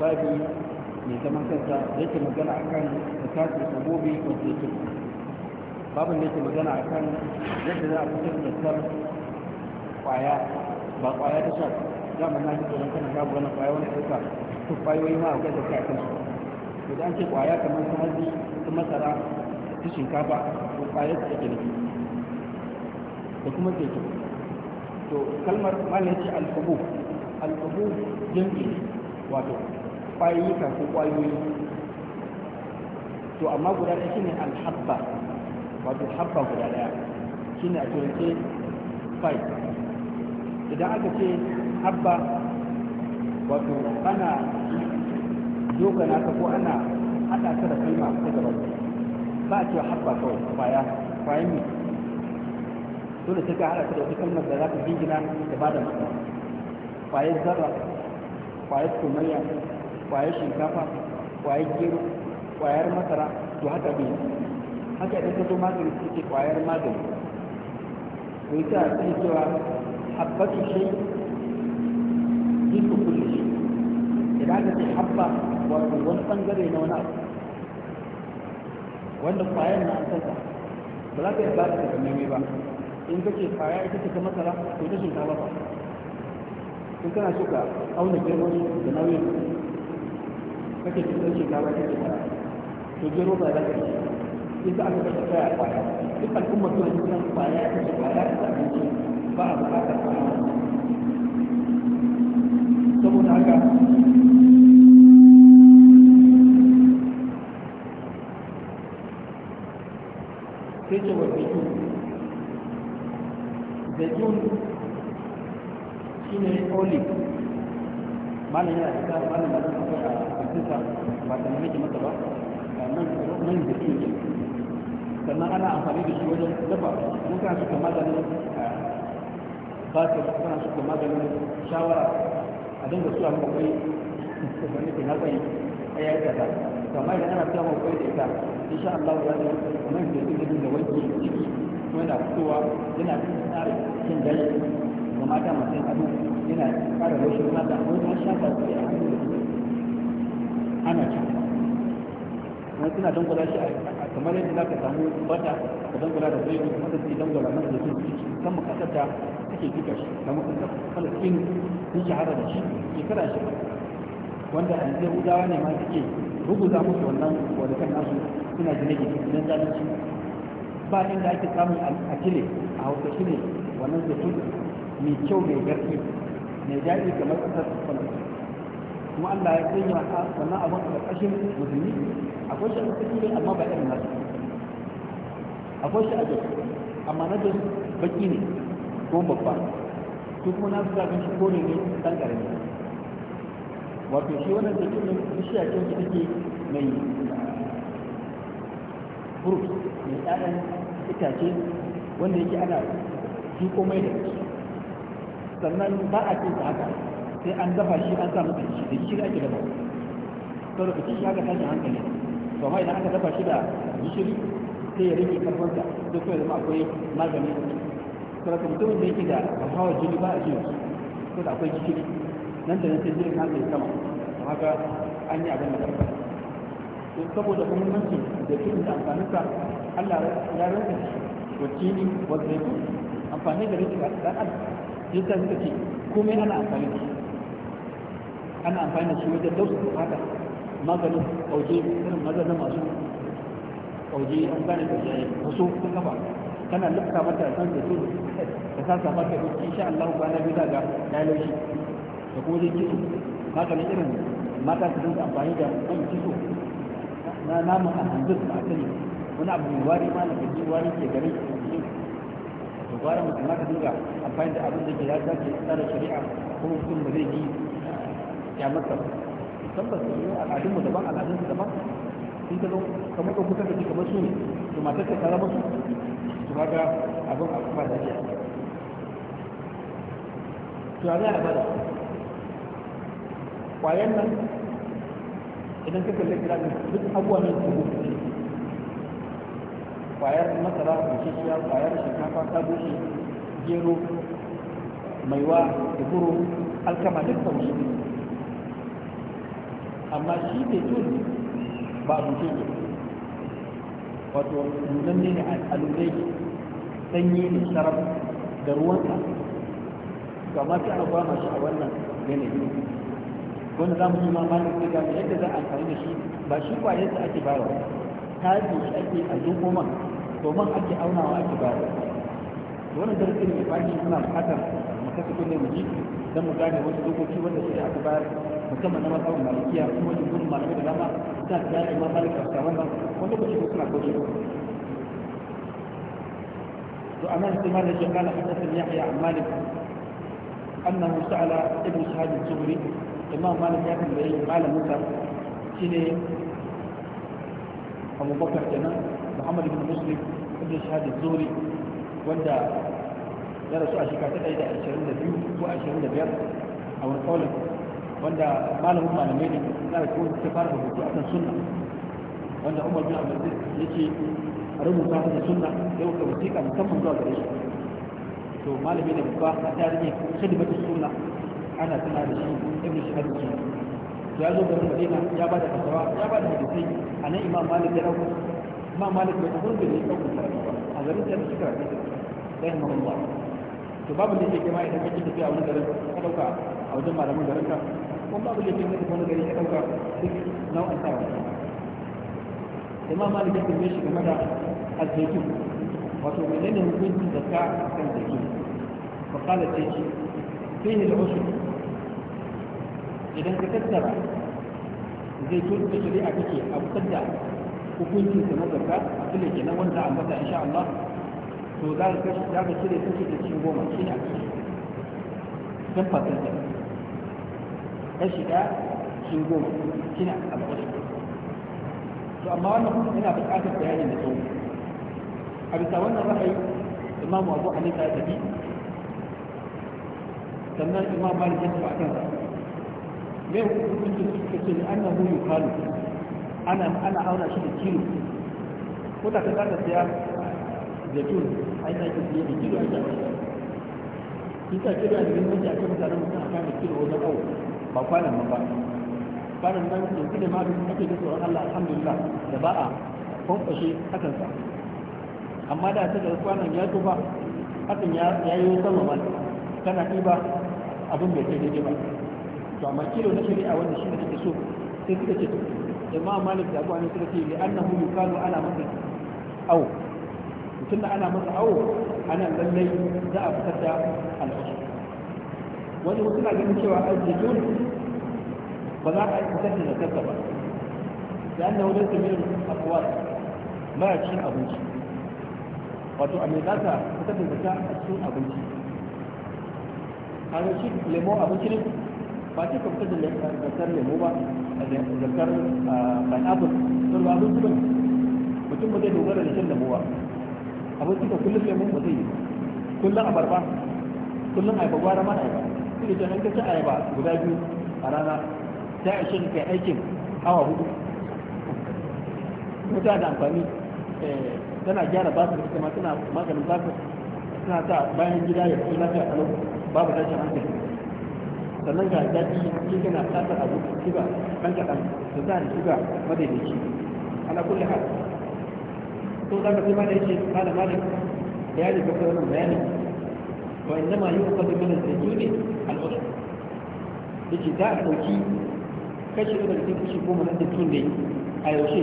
babi mai zaman kansa da yake magana a kan zakatun sabobi ko yake babin da yake magana a kan yadda za a fitar da tsar kwaya ba kwaya ta sha mu na ji tsoron kana babu wani kwaya wani ɗauka to kwayoyi ma akwai da kai kansu to da ce kwaya kamar su hazi su masara su shinkafa ko kwaya su ake nufi da kuma teku to kalmar malin ce alfabu alfabu wato ƙwayoyika ko ƙwayoyi to amma guda ɗaya shine alhabba wato habba guda ɗaya shine a turance five idan aka ce habba wato ana dogana ka ko ana haɗa ka da kalma ta gaba ba a cewa habba kawai kwaya kwayan ne dole sai ka haɗa ka da wata kalmar da za ka jingina da ba da mata kwayar zarra kwayar kumayya kwayar shinkafa kwayar gero kwayar masara to haka bai haka idan ka zo magani suke kwayar magani to ita cikin cewa habbatu shi jikin kulle shi idan aka ce habba wato wani bangare na wani abu wanda kwayar na an sassa ba za ka yi ba da takamaimai ba in ka ce kwaya ita ce ta masara to ta shinkafa ba in kana so ka auna girman da nauyin kake cikin shekara ta shekara to gero ba za ka ci sai ka aka kashe kaya kwaya duk al'umma suna cikin kwaya ta shi kwaya ta abinci ba a bukatar kwaya saboda haka sai ce wa zaitun zaitun shi ne olive malin yana da malin da zan a kuka ba ta ba nan nan da ke sannan ana amfani da shi wajen dafa mun kana suka maganin kana suka maganin shawara a dinga suwa mu kai wani ke na a yayi kaza kamar idan ana suwa mu kai da ita insha Allah ya zama kamar da ke da ciki kuma yana fitowa yana cin ga mata masu ado yana ƙara rashin mata wani ya shafa su a hannu ana ci wani suna dangwala shi kamar yadda za ka samu bata ka dangwala da zai yi kamar da dangwala masa da zai ci kan makasar da suke fika shi kamar kasar falastin sun shahara da shi shekara shi wanda a yanzu yahudawa ne ma suke rubuta musu wannan kan nasu suna jinage don zalunci ba inda ake samun a chile a hausa shi ne wannan zaitun mai kyau mai garki mai daɗi kamar ƙasar falastin kuma Allah ya kai ka wannan abin a ƙarƙashin musulmi akwai shi a cikin ne amma ba irin nasu akwai shi a jiki amma na jin baki ne ko babba su kuma nasu zafin shi kore ne dan ƙarami wato shi wannan da cikin bishiya ce wacce take mai fruit mai ɗayan itace wanda yake ana shi komai da shi sannan ba a cin ta haka sai an dafa shi an sa masa shi da shi ake dafa to da kici haka tashin hankali to amma idan aka dafa shi da gishiri sai ya rike karfansa da kuma da akwai magani to da mutumin da yake da hawa jini ba a jini to da akwai gishiri nan da nan sai jirin sai sama to haka an yi abin da karfa to saboda ce da kin da amfaninsa Allah ya rinka shi jini wa zaitun amfani da rikin da adam yadda suka ce komai ana amfani da shi ana amfani da shi wajen dausa haka maganin kauje irin maganin masu kauje an gane da ne wasu kun kafa kana lukka mata san da su ka sa sa mata duk insha Allah ba na bi daga dalilin da kuma zai kisu maganin irin mata su dinga amfani da wani kisu na namun a hanzu da aka wani abu mai wari ma na kaji wari ke garin kauje to gwara mutum ka dinga amfani da abin da ke ya dace tsara shari'a kuma mutum ba zai yi ya masa tabbas da yau al'adun mu daban al'adun su daban sun ta zo kamar ka kusa da shi kamar su ne to matar ta tsara musu su ba ga abin a kuma da shi to a zai bada kwayan nan idan ka kalli kira duk abuwa ne su hukunci kwayar masara bushashiya kwayar shinkafa ta bushe gero maiwa da guru alkama duk ta wuce amma shi ne tun ba a mutum ne wato nan ne a alulai sanyi ne sharaf da ruwanka ga masu abuwa masu a wannan yanayi wanda za mu yi mamakin sai ga yadda za a amfani da shi ba shi yadda ake bayarwa yi shi ake a zuko man domin ake aunawa ake bayarwa wannan darasi ne mai shi suna bukatar mu kasa kunne mu ji don mu gane wasu dokoki wanda sai aka bayar musamman na masawar malikiya kuma wajen gudun malamai da dama za su gane ma malik a shawar ba wani lokaci ko suna kauce ba to a nan sai malik ya kana hadasin yahya a malik annahu sa'ala ibn shahab az-zuhri imam malik ya tambaye malamin sa shine Abu Bakar kenan Muhammad ibn Muslim ibn Shahab az-Zuhri wanda ya rasu a shekara ta biyu ko ashirin da biyar a wani kaulin wanda malamin malamai ne za a kuma ta fara rubutu akan sunna wanda umar bin abdul ya ce rubuta ta da sunna ya wuce wasiƙa musamman zuwa gare shi to malami da kuka a tarihi khidmatu sunna ana tana da shi ibn shahab sunna to ya zo garin madina ya ba da fatawa ya ba da hadisai a nan imam malik ya dauko imam malik bai tafi da ya dauko karatu a garin da shi karatu rahimahullah to babu da yake ma idan kake tafiya wani garin ka dauka a wajen malamin garin ka kuma babu da ke mutu wani gari ka ɗauka duk nau'in sawa imam malik ya tambaye shi game da azzaitun wato menene hukunci da ka kan zaki, zaitun fa ce, tayti fihi da ushr idan ka tattara zaitun da shari'a take a fitar da hukuncin sa na zakka a kile kenan wanda an bata insha Allah to za ka cire kashi da cikin goma shine a cikin don fatar da kashi ɗaya sun goma shine al'ashi to amma wannan yana buƙatar bayanin da tsawo a bisa wannan ra'ayi imamu abu hanifa ya tafi sannan imam malik ya tafi a kansa mai hukuncin suka ce ne an nahu yukalu ana ana auna shi da kilo ko da ka zaka siya da tun ai na ki siya da kilo a jami'a kisa kira da yin mace a kan mutane mutum a kan kilo wajen awo ba kwanan nan ba kwanan nan da ne ma da ake da tsoron Allah alhamdulillah da ba a kwankwashe hakan sa amma da ta da kwanan ya tuba hakan ya yi sama ba kana ɗiba abin bai kai daidai ba to amma kilo na shari'a wanda shi ne ake so sai suka ce imam malik da kwanan hanifa ce li annahu yuqalu ana masa mutum da ana masa aw ana lallai za a fitar da al'usul wani wasu na ganin cewa a aljidun ba za a yi kusan da zakarta ba da an nawo laisa min akwai mara cin abinci wato a mai zata kusan da zaka a cikin abinci a ga shi lemo abinci ne ba ce ka fitar da zakar lemo ba a zakar pineapple don ba abinci ba mutum ba zai dogara da shan lemo ba abinci ka kullum lemo ba zai yi kullum abarba kullum aibagwa da mana aibagwa suke ta hanka ta ayaba guda biyu a rana ta ishe ka kai aikin awa hudu mutane da amfani eh, tana gyara basir da kuma tana maganin basir tana ta bayan gida ya kuma lafiya a babu tashin hankali sannan ga daɗi shi kana tasar abu shiga kan kaɗan da za a shiga madaidaici ana kulli hal to za ka sai ma da yake malam malam bayani ga sauran bayani wa innama yuqadu min as-sujudi al-usr yace za a dauki kashi da cikin kashi goma na sittin a yaushe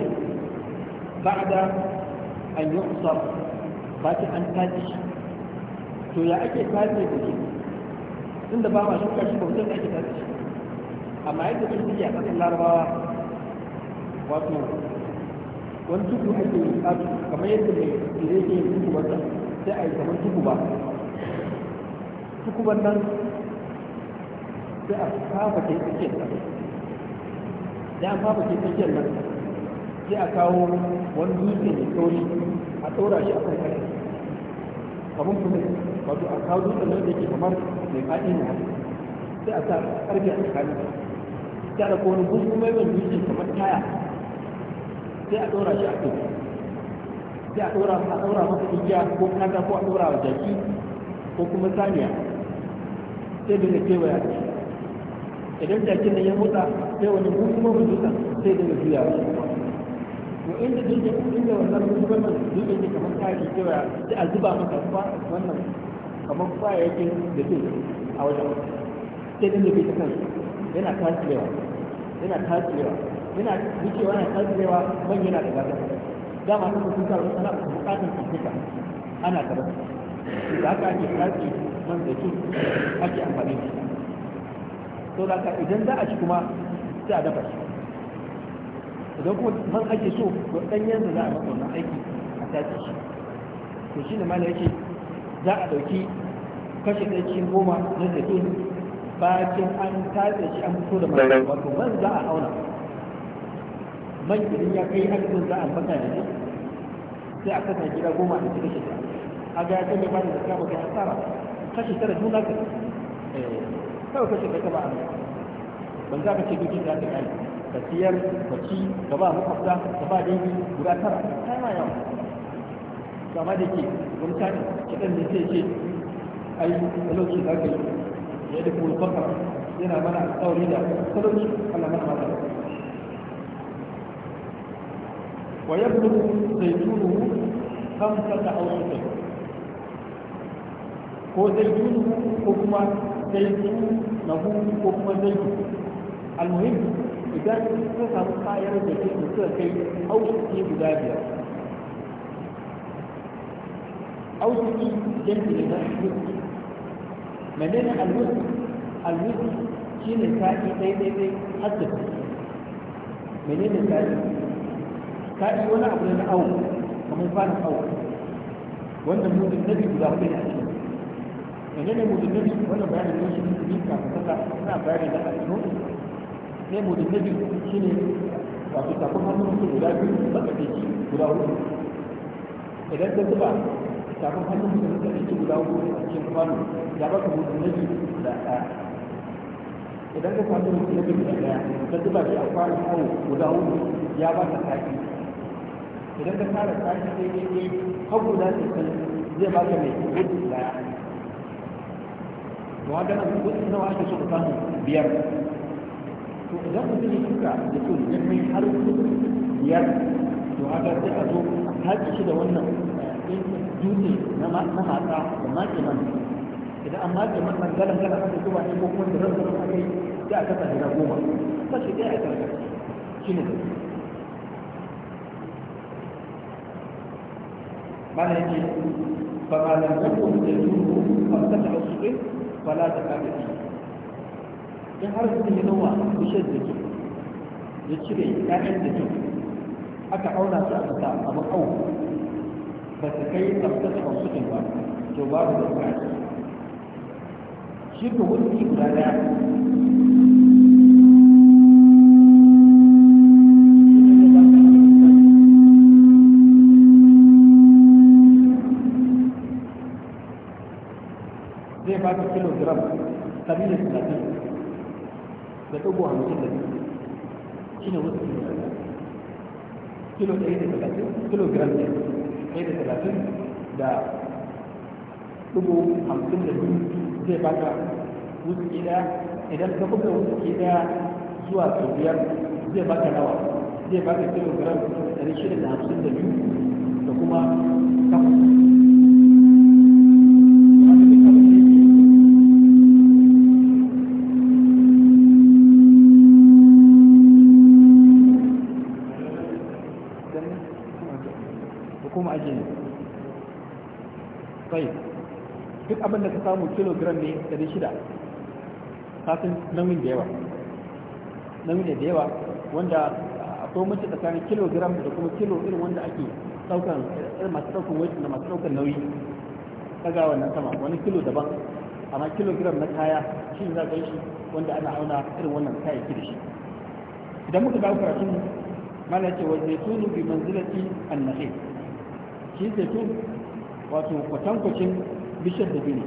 ba'da an yuqsar ba ta an tashi to ya ake tashi da shi tunda ba ma shuka ba mutum ake tashi shi amma yadda sun suke a ƙasar larabawa wato wani kamar yadda mai tsire sai ba su nan sai a kafa ke tsakiyar nan da an kafa ke tsakiyar nan sai a kawo wani dutse mai tsauri a ɗora shi a kan kare abin kuma wato a kawo dutse nan da ke kamar mai faɗi na sai a sa ƙarfi a tsakanin sai a ɗauko wani gudu mai wani dutse kamar taya sai a ɗora shi a kai sai a ɗora a ɗora masa igiya ko kanta ko a ɗora wa jaki ko kuma saniya sai dinga kewaya da shi idan jakin nan ya motsa sai wani kuma mu dutsen sai daga juya shi to inda dinga inda wannan mutuwar nan ne kamar kari kewaya sai a zuba maka wannan kamar kwayayyakin da ke a wajen sai daga bi ta kan yana tasirewa yana tasirewa yana wucewa yana tasirewa man yana da gasa dama ta ta wani sana'a bukatar ana karatu da haka ake tasirewa man zaitun ake amfani da shi to da ka idan za a ci kuma sai a dafa shi idan kuma man ake so ko dan da za a masa wannan aiki a tace shi to shi ne ma yake za a ɗauki kashe ɗaya cikin goma na zaitun bakin an tace shi an fito da man wato man za a auna man idan ya kai adadin za a maka ne sai a kasa gida goma a cikin shi a ga ya kai mai ba da zaka ba kai asara kashi tara juna ka eh, kawai kashi ka taba amma ban za ka ce dukkan za ka yi. ka siyar ka ci ka ba makwabta ka ba dangi guda tara yi ma yawa kama da ke wani tani kiɗan ne sai ce ai talauci za ka yi ya da kuma fakar yana mana alƙawari da talauci Allah mana mata wa yabdu zaytunuhu khamsata aw ko zai ko kuma zai yunuhu ko kuma zai yunuhu almuhim idan suka samu kayar da ke suka kai auki guda biyar auki jami'i na wuski menene alwuski alwuski shi ne sa'i ɗai ɗai ɗai har da su menene sa'i sa'i wani abu ne na awu kamar fara awu wanda mutum na biyu guda hudu ne ne menene ne wannan bayanin ne shi ne ka kasa ina bayani da al'umma ne Ne shi mudunnabi shine wato kafin hannun mutum guda biyu matsakaici guda hudu idan ka zuba kafin hannun mutum matsakaici guda hudu a cikin kwano ya ba baka mudunnabi da ɗaya idan ka samu mudunnabi da ɗaya ka zuba shi a kwano awo guda hudu ya ba baka taki idan ka tara taki sai dai hagu da su zai ba baka mai hudu da ɗaya wa ga nan kudi nawa ake so ka biyar to idan mutum ya tuka da to ya kai har kudi biyar to haka sai a zo haƙi shi da wannan dutse na matsa da matse man idan an matse man man galan galan aka zuba ne ko kuma da ran galan aka yi sai a kasa gida goma kashi ɗaya a karkar shi ne mana yake فما لم يكن تجوه da الصغير فلا زكاة فيه in har sun yi nawa bishiyar da kyau ya cire ƴaƴan da kyau aka auna su a ta a ma'au ba su kai tsaftar da ba to babu da kaji shi ko wani guda zai baka kilogram ɗari da talatin da ɗigo hamsin da shi ne wasu kilo ɗaya da talatin kilogram ɗaya da talatin da ɗigo hamsin da biyu zai fata wasu ɗaya idan ka kuka wasu ɗaya zuwa sau biyar zai fata nawa zai fata kilo gram ɗari shida da hamsin da biyu da kuma kafa kilogram ne da shida kafin namun da yawa namun da yawa wanda akwai mace tsakanin kilogram da kuma kilo irin wanda ake saukan irin masu saukan wajen da masu saukan nauyi kaga wannan sama wani kilo daban amma kilogram na kaya shi za ka shi wanda ana auna irin wannan kaya kayayyaki da shi idan muka dawo karatun mana ce wa zaitunu bi manzilati annahi shi zai zaitun wato kwatankwacin bishar da bini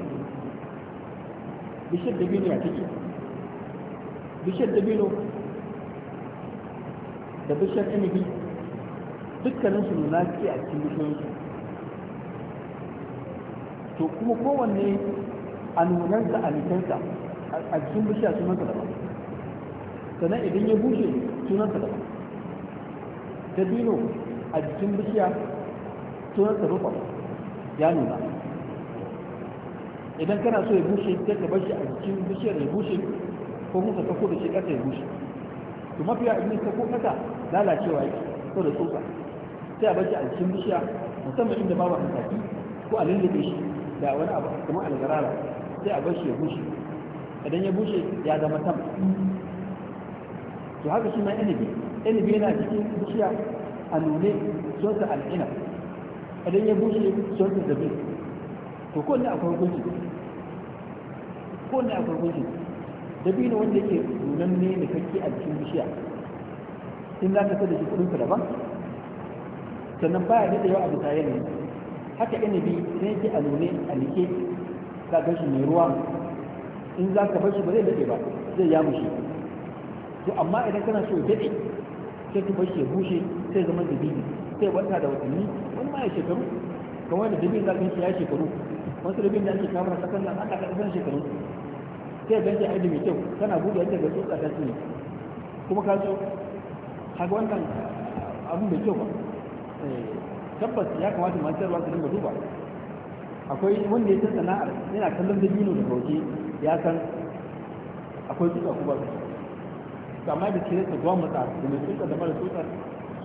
bishiyar dabino ya take bishiyar dabino da bishiyar inibi dukkanin su nuna ke a cikin bishiyoyinsu to kuma kowanne a nunansa a nikansa a cikin bishiya sunansa daban sannan idan ya bushe sunansa daban dabino a cikin bishiya sunansa rufa ya nuna idan kana so ya bushe sai ka bar shi a jikin bishiyar ya bushe ko kuma ka sako da shi ƙasa ya bushe to mafiya in ka ko ƙasa lalacewa yake ko da tsoka sai a bar shi a jikin bishiya musamman inda babu hankali ko a lullube shi da wani abu kamar algarara sai a bar shi ya bushe idan ya bushe ya zama tam to haka shi ma inabi inabi yana cikin bishiya a nune sosa al'ina idan ya bushe sosa zabi to kowanne akwai hukunci ko ne akwai hukunci dabino wanda ke nunan ne ne kake a cikin bishiya in za ka sa da shi kudin daban sannan baya da yawa a bisa yanayi haka inabi ne yake a nune a nike za ka shi mai ruwa in za ka bar shi ba zai daɗe ba zai ya mushe to amma idan kana so daɗe sai ka bar ya bushe sai zama dabino sai wata da watanni wani ma ya shekaru kamar da dabino za ka yi ya shekaru wasu dabino da ake kamar sakan nan an ɗaga ɗasan shekaru sai ganta aiki mai kyau tana buɗe yadda ga tsotsa ta ce kuma ka zo haka wannan abin mai kyau ba eh, tabbas ya kamata ma sayarwa su dinga duba akwai wanda ya san sana'ar yana kallon da dabino da waje ya san akwai tsotsa kuma su amma da ke ga mutsa da mai tsotsa da mara tsotsa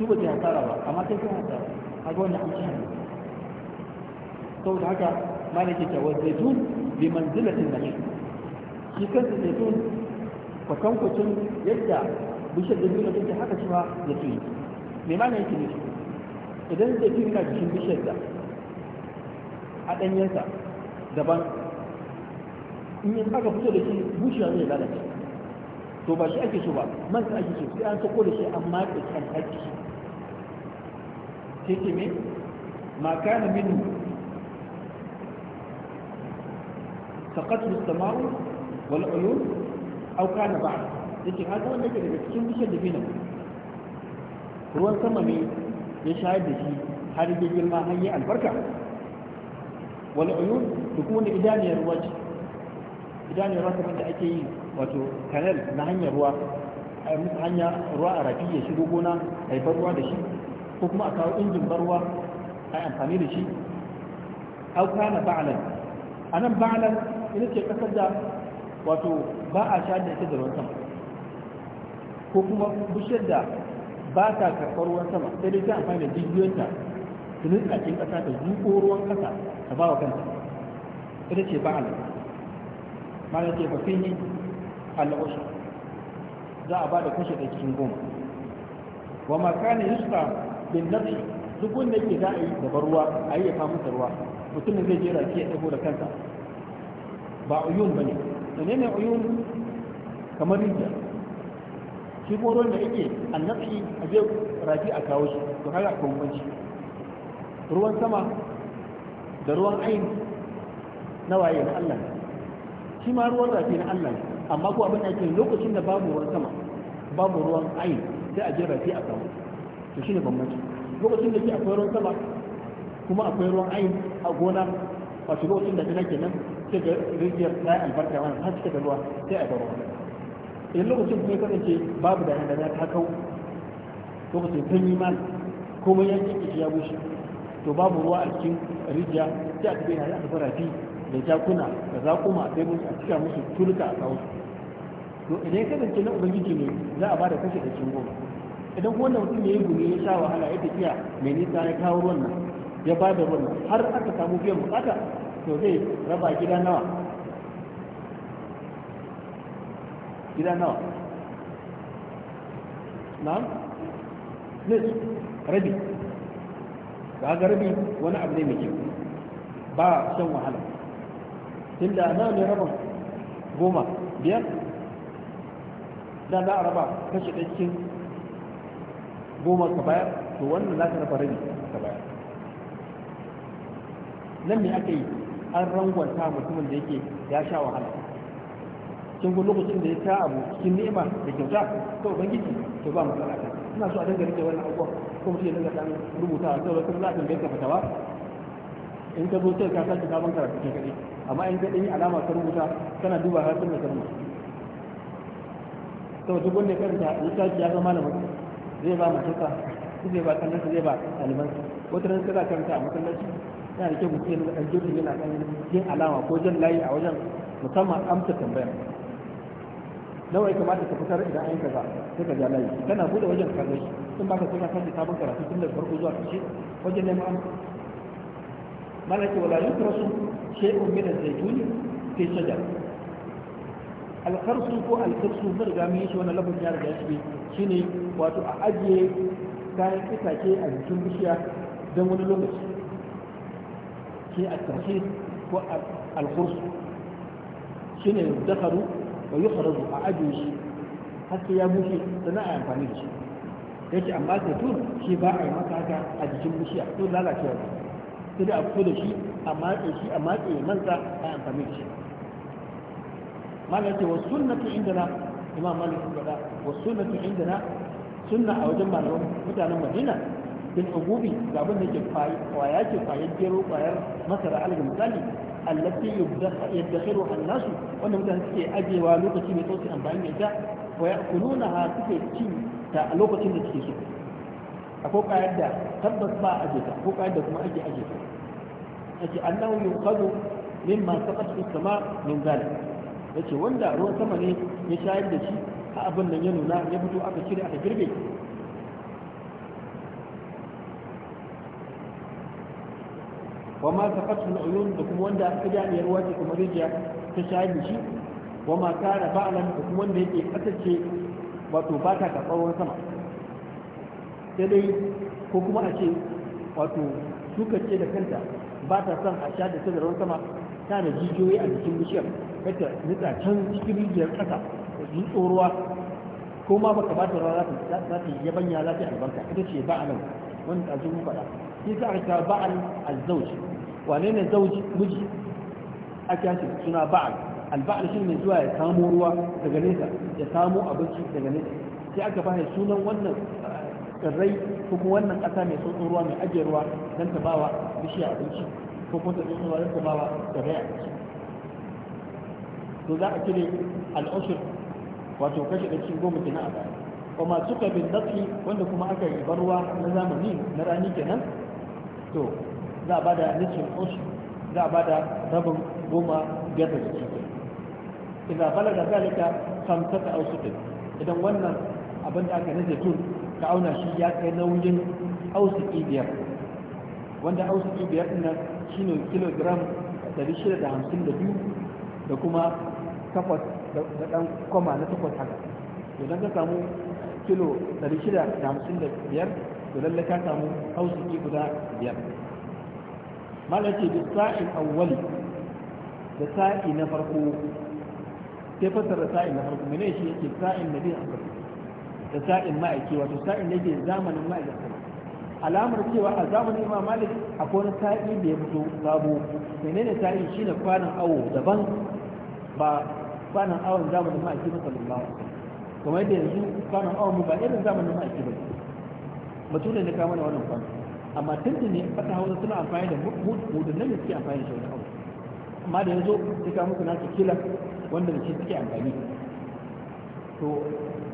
su ba ta hasara ba amma sai kan hasara haka wannan an ci saboda haka malaki ta wasu zaitun bi manzilatin da shi shi kansa zaitun kwatankwacin yadda bishiyar da nuna take haka shi ma zaitun yake me mana yake nufi idan zaitun yana jikin bishiyar da a ɗanyensa daban in yin aka fito da shi bushewa zai lalace to ba shi ake so ba man sa ake so sai an sako da shi an matsa kan haƙi sai ke me ma kana minu saqatu as-sama'u wal ulum aw kana ba'd yace haka wanda ke daga cikin bishiyar da dabino ruwan sama ne ya shayar da shi har ya girma har ya albarka wal ulum duk wani idaniyar ruwa ce idaniyar ruwa kamar da ake yi wato kanal na hanyar ruwa hanya ruwa a rafi ya shigo gona a yi ruwa da shi ko kuma a kawo injin barwa a yi amfani da shi auka au kana ba'lan anan ba'lan ina ce ƙasar da wato ba a sha da ita da ruwan sama ko kuma bishiyar da ba ta karɓar ruwan sama sai dai ta amfani da jijiyoyinta su nutsa cikin ƙasa ta zuƙo ruwan ƙasa ta ba wa kanta ita ce ba ala mana ce ba fin yi al'usha za a ba da kashe ɗaya cikin goma wa ne yusufa bin nafi duk wanda yake za a yi da ruwa a yi ya kamun ruwa mutumin zai jera rafi ya ɗago da kansa ba uyun ba ne menene uyun kamar rijiya shi ko ruwan da yake annabi a je rafi a kawo shi to kaga akwai bambanci ruwan sama da ruwan ayin na waye na Allah shi ma ruwan rafi na Allah amma ko abin da yake lokacin da babu ruwan sama babu ruwan ayin sai a je rafi a kawo to shine bambanci lokacin da ke akwai ruwan sama kuma akwai ruwan ayin a gona wato lokacin da ta nake nan daga rijiyar ta albarka wani ta cika da ruwa sai a baro idan lokacin kuma ya ce babu da yanda ta kau lokacin sun yi mal komai ya shi ya bushe to babu ruwa a cikin rijiya sai a tafi yana da alfarafi da jakuna da zakuma sai musu a cika musu turka a kawo to idan ya kasance na ubangiji ne za a ba da kashe da cikin goma idan kuma wanda mutum ya yi gumi ya sha wahala ya tafiya mai nisa ya kawo ruwan nan ya ba da ruwan har aka samu biyan bukata to zai raba gida nawa gida nawa na'am nis rabi ba ga rabi wani abu ne mai kyau ba shan wahala inda nawa ne rabin goma biyar da za a raba kashe ɗaya cikin goma ka bayar to wannan za ka raba rabi ka bayar nan ne aka yi an rangwanta mutumin da yake ya sha wahala kin ga lokacin da ya ta abu cikin ni'ima da kyauta to ubangiji to ba matsala ta ina so a dinga rike wannan abubuwa ko mutum ya dinga dan rubuta a cikin kuma za a dinga kafa fatawa in ka zo sai ka sake sabon karatu ke kaɗai amma in ka ɗanyi alama ka rubuta kana duba har sun da ka rubuta to duk wanda karanta littafi ya zama malamin zai ba matarsa zai ba kallonsa zai ba ɗalibansa wata ran kaza karanta a masallaci yana da kyau mutum yana ɗan jirgin yana ɗan yin alama ko jan layi a wajen musamman amsa tambayar nawa ya kamata ka fitar idan an kaza sai ka ja layi kana buɗe wajen kallon shi in baka sai ka sake sabon karatu tun daga farko zuwa ƙarshe wajen neman amsa ke wala yukrasu shay'un min zai zaytuni fi shajar alkarsu ko alkarsu na riga mun yi shi wannan lafazin ya riga shi shine wato a ajiye kayan itace a jikin bishiya don wani lokaci shi a tarhis ko al-khurs shine dakhalu wa yukhraju a ajiye shi har sai ya bushe sannan a amfani da shi yake amma zaitun shi ba a yi masa haka a jikin bishiya to lalacewa sai da a da shi a matse shi a matse mansa a amfani da shi sunna a wajen malaman mutanen madina bin ugubi ga abin da ke kwaya ke kwayar gero kwayar masara alga misali allati yadakhiru annasu wanda mutane suke ajewa lokaci mai tsoki amfani da ita wa yakuluna ha suke cin ta a lokacin da suke so akwai kwayar da tabbas ba a ta ko kwayar da kuma ake aje ta ake annahu yuqadu mimma saqat fi sama min zalik yace wanda ruwan sama ne ya shayar da shi a abin nan ya nuna ya fito aka cire aka girbe wa ma tafatul uyun da kuma wanda aka jani ruwa ce kuma rijiya ta shayar da shi wa ma kana ba'lan da kuma wanda yake kasace wato ba ta karɓar sama sai dai ko kuma a ce wato shuka da kanta ba ta son a sha da ta da ruwan sama ta da jijiyoyi a jikin bishiyar kata nutsa can cikin rijiyar ƙasa da tsoruwa ko ma baka ba ta ruwa za ta yabanya za ta albarka ita ce ba'alan wanda a zuwa faɗa shi sa aka ba al-zawj wane ne zauji miji ake yake suna ba'al alba'al shi ne zuwa ya samo ruwa daga nesa ya samo abinci daga nesa sai aka ba sunan wannan eh, tsirrai ko kuma wannan ƙasa mai tsotson ruwa mai ajiye ruwa don ta bawa bishiya abinci ko kuma ta tsotson ruwa don ta bawa tsirrai abinci to za a cire al'ushur wato kashe da cikin goma kenan a baya kuma suka bin wanda kuma aka yi barwa na zamani na rani kenan to za a ba da nufin osu za a ba da rabin goma biyar da cikin idan da zalika samsata au ta idan wannan abin da aka nace tun ka auna shi ya kai nauyin ausiki biyar wanda ausiki biyar ɗin nan ne kilogram 652 da kuma takwas da ɗan koma na takwas haka idan ka samu kilo 655 to lallai ka samu ausiki guda biyar malaki da sa'in awali da sa'i na farko sai da sa'in na farko mene shi yake sa'in nabi a farko da sa'in ma'aiki wato sa'in da yake zamanin ma'aiki alamar cewa a zamanin ma malik akwai wani sa'i da ya fito sabo menene sa'i shi shine kwanan awo daban ba kwanan awon zamanin ma'aiki ba sallallahu alaihi yadda yanzu kwanan awon mu ba irin zamanin ma'aiki ba mutum ne na kama da wannan kwanan amma tunda ne fata hausa suna amfani da mudun nan suke amfani da shaunar hausa amma da yanzu kama muku nasu kila wanda da shi suke amfani to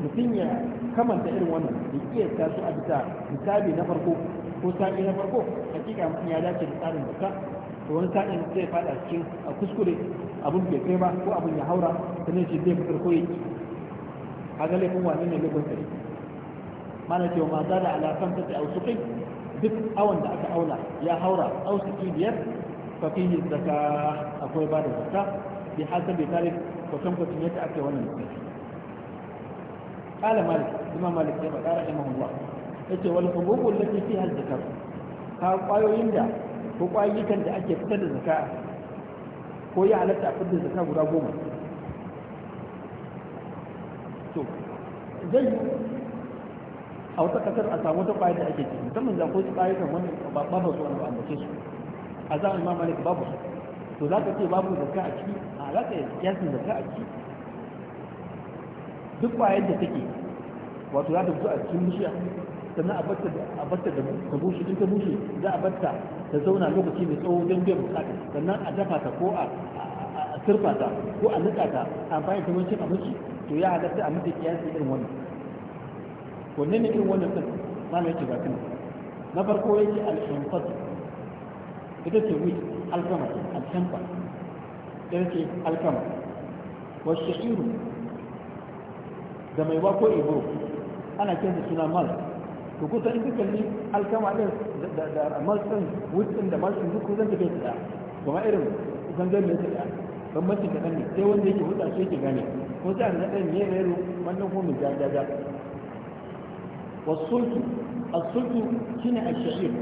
mutum ya kamanta irin wannan da iya ta a bisa misali na farko ko sa'i na farko hakika mutum ya dace da tsarin baka to wani sa'in zai fada cikin a kuskure abun bai kai ba ko abun ya haura sannan shi zai fitar koyi kaga laifin wani ne laifin sai mana cewa ma zada ala kan ta wasu kai. duk awon da aka aula ya haura ausiki biyar fafihi zaka akwai ba da zaka bi bai tarif kwatan kwatan yadda ake wannan mutum Kala malik zuma malik ya faɗa rahimahullah yace wal hububu fi hal zakar ka kwayoyin da ko kwayikan da ake fitar da zaka ko ya halatta a fitar da zaka guda goma to zai a wata kasar a samu ta kwayar da ake ciki musamman da akwai kwayar kan wani babu su wani ba ambace su a za imam malik babu su to za ka ce babu zaka a ciki a za ka yasin zaka a ciki duk kwayar da take wato za ta zo a cikin bishiya sannan a batta a batta da ta bushe in ta bushe za a batta ta zauna lokaci mai tsawo don biyan bukata sannan a dafa ta ko a sirfa ta ko a nika ta a bayan ta cin abinci to ya halatta a mata kiyasi irin wannan wanne ne irin wannan din mana yake ga kan na farko yake al-shamfat ita ce wheat alkama al-shamfa ita ce alkama wa sha'iru da mai wako ibro ana kiransa suna mal to kusa in kuka kalli alkama din da da maltsin wutsin da maltsin duk kusan da bai tsada kuma irin zangar mai tsada bambancin da ɗan ne sai wanda yake hutsa shi yake gane ko sai an na ɗan ne yaro wannan kuma mai jajaja والسلط السلط شنو الشعير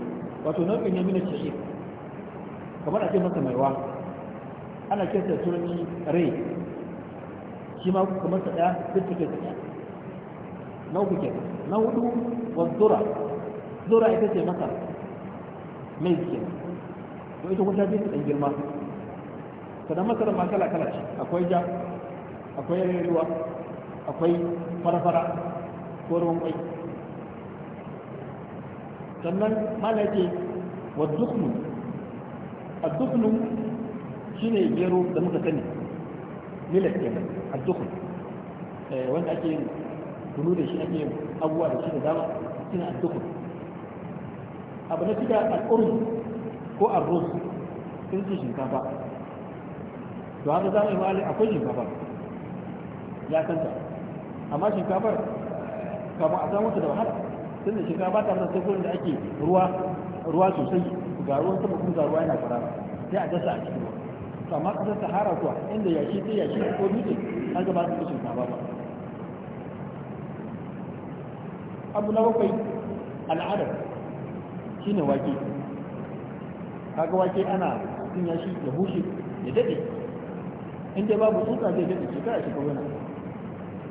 وتنوع من الشعير kamar ake masa maiwa ana kinsa turmi rai shi ma kamar sa ɗaya duk take sa ɗaya na uku kenan na hudu wa zura zura ita ce masa mai ke to ita kuma ta bi ɗan girma sannan masarar ma kala kala ce akwai ja akwai ruwa akwai farafara ko ruwan kwai sannan ce wa duknu a shi ne gero da muka sani milas kenan a duknu eh, wanda ake kunu da shi ake abubuwa da shi da dama shine a duknu abu na fita al'urus ko a arroz sun ce shinkafa to haka za mu yi ma'ali akwai shinkafa ya kanta amma shinkafar kama a samu ta da wahala tun da shiga ba ta da sai gurin da ake ruwa ruwa sosai ga ruwan sama kuma ga ruwa yana fara. sai a dasa a cikin to amma kasar sahara kuwa inda yashi sai yashi ko dutse an ba su shinkafa ba abu na bakwai al'adar shine wake kaga wake ana sun yashi ya bushe ya dade in dai babu tsutsa zai dade shekara shekara wani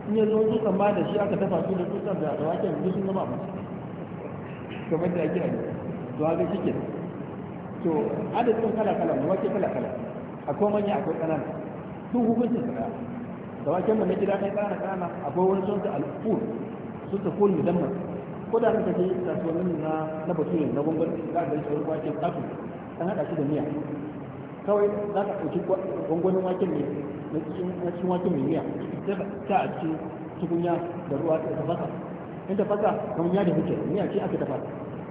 in ya zo tsutsan ba da shi aka tafa su da tsutsan da waken yanzu sun zama abinci kamar da ake hannu to haka shi to adadin kala kala ne wake kala kala akwai manya akwai kanana duk hukuncin su ɗaya da waken mu na gida ɗaya ƙanana kana akwai wani sun ta alfur su ta kul damar ko da ta je kasuwannin na na bature na gwangwani za ga shi wani waken ƙato an haɗa shi da miya kawai za ka ɗauki gwangwanin waken ne na cikin waken mai miya sai ka ci a cikin tukunya da ruwa da basa in ta fasa kamar ya da huke ni a ce aka tafa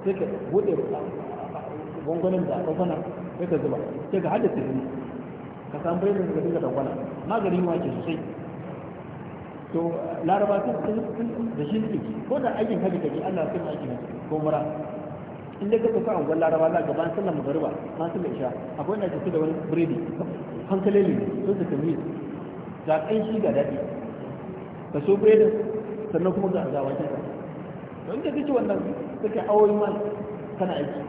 sai ka bude ah, ah, gwangwanin da gwangwana sai ka zuba sai ka haddace ne ka samu bai da dinga gwangwana magani ma ke sosai to laraba sun da shi suke ko da aikin ta kaje Allah sun aikin ko mura in dai ka tafi a gwan laraba za gaban bayan sallar magariba ma mai isha akwai wanda ke da wani biredi hankalin ne sun su tamir ga ƙanshi ga daɗi ka so biredin sannan kuma ga zawakin ka don ta kace wannan suka awoyi man kana aiki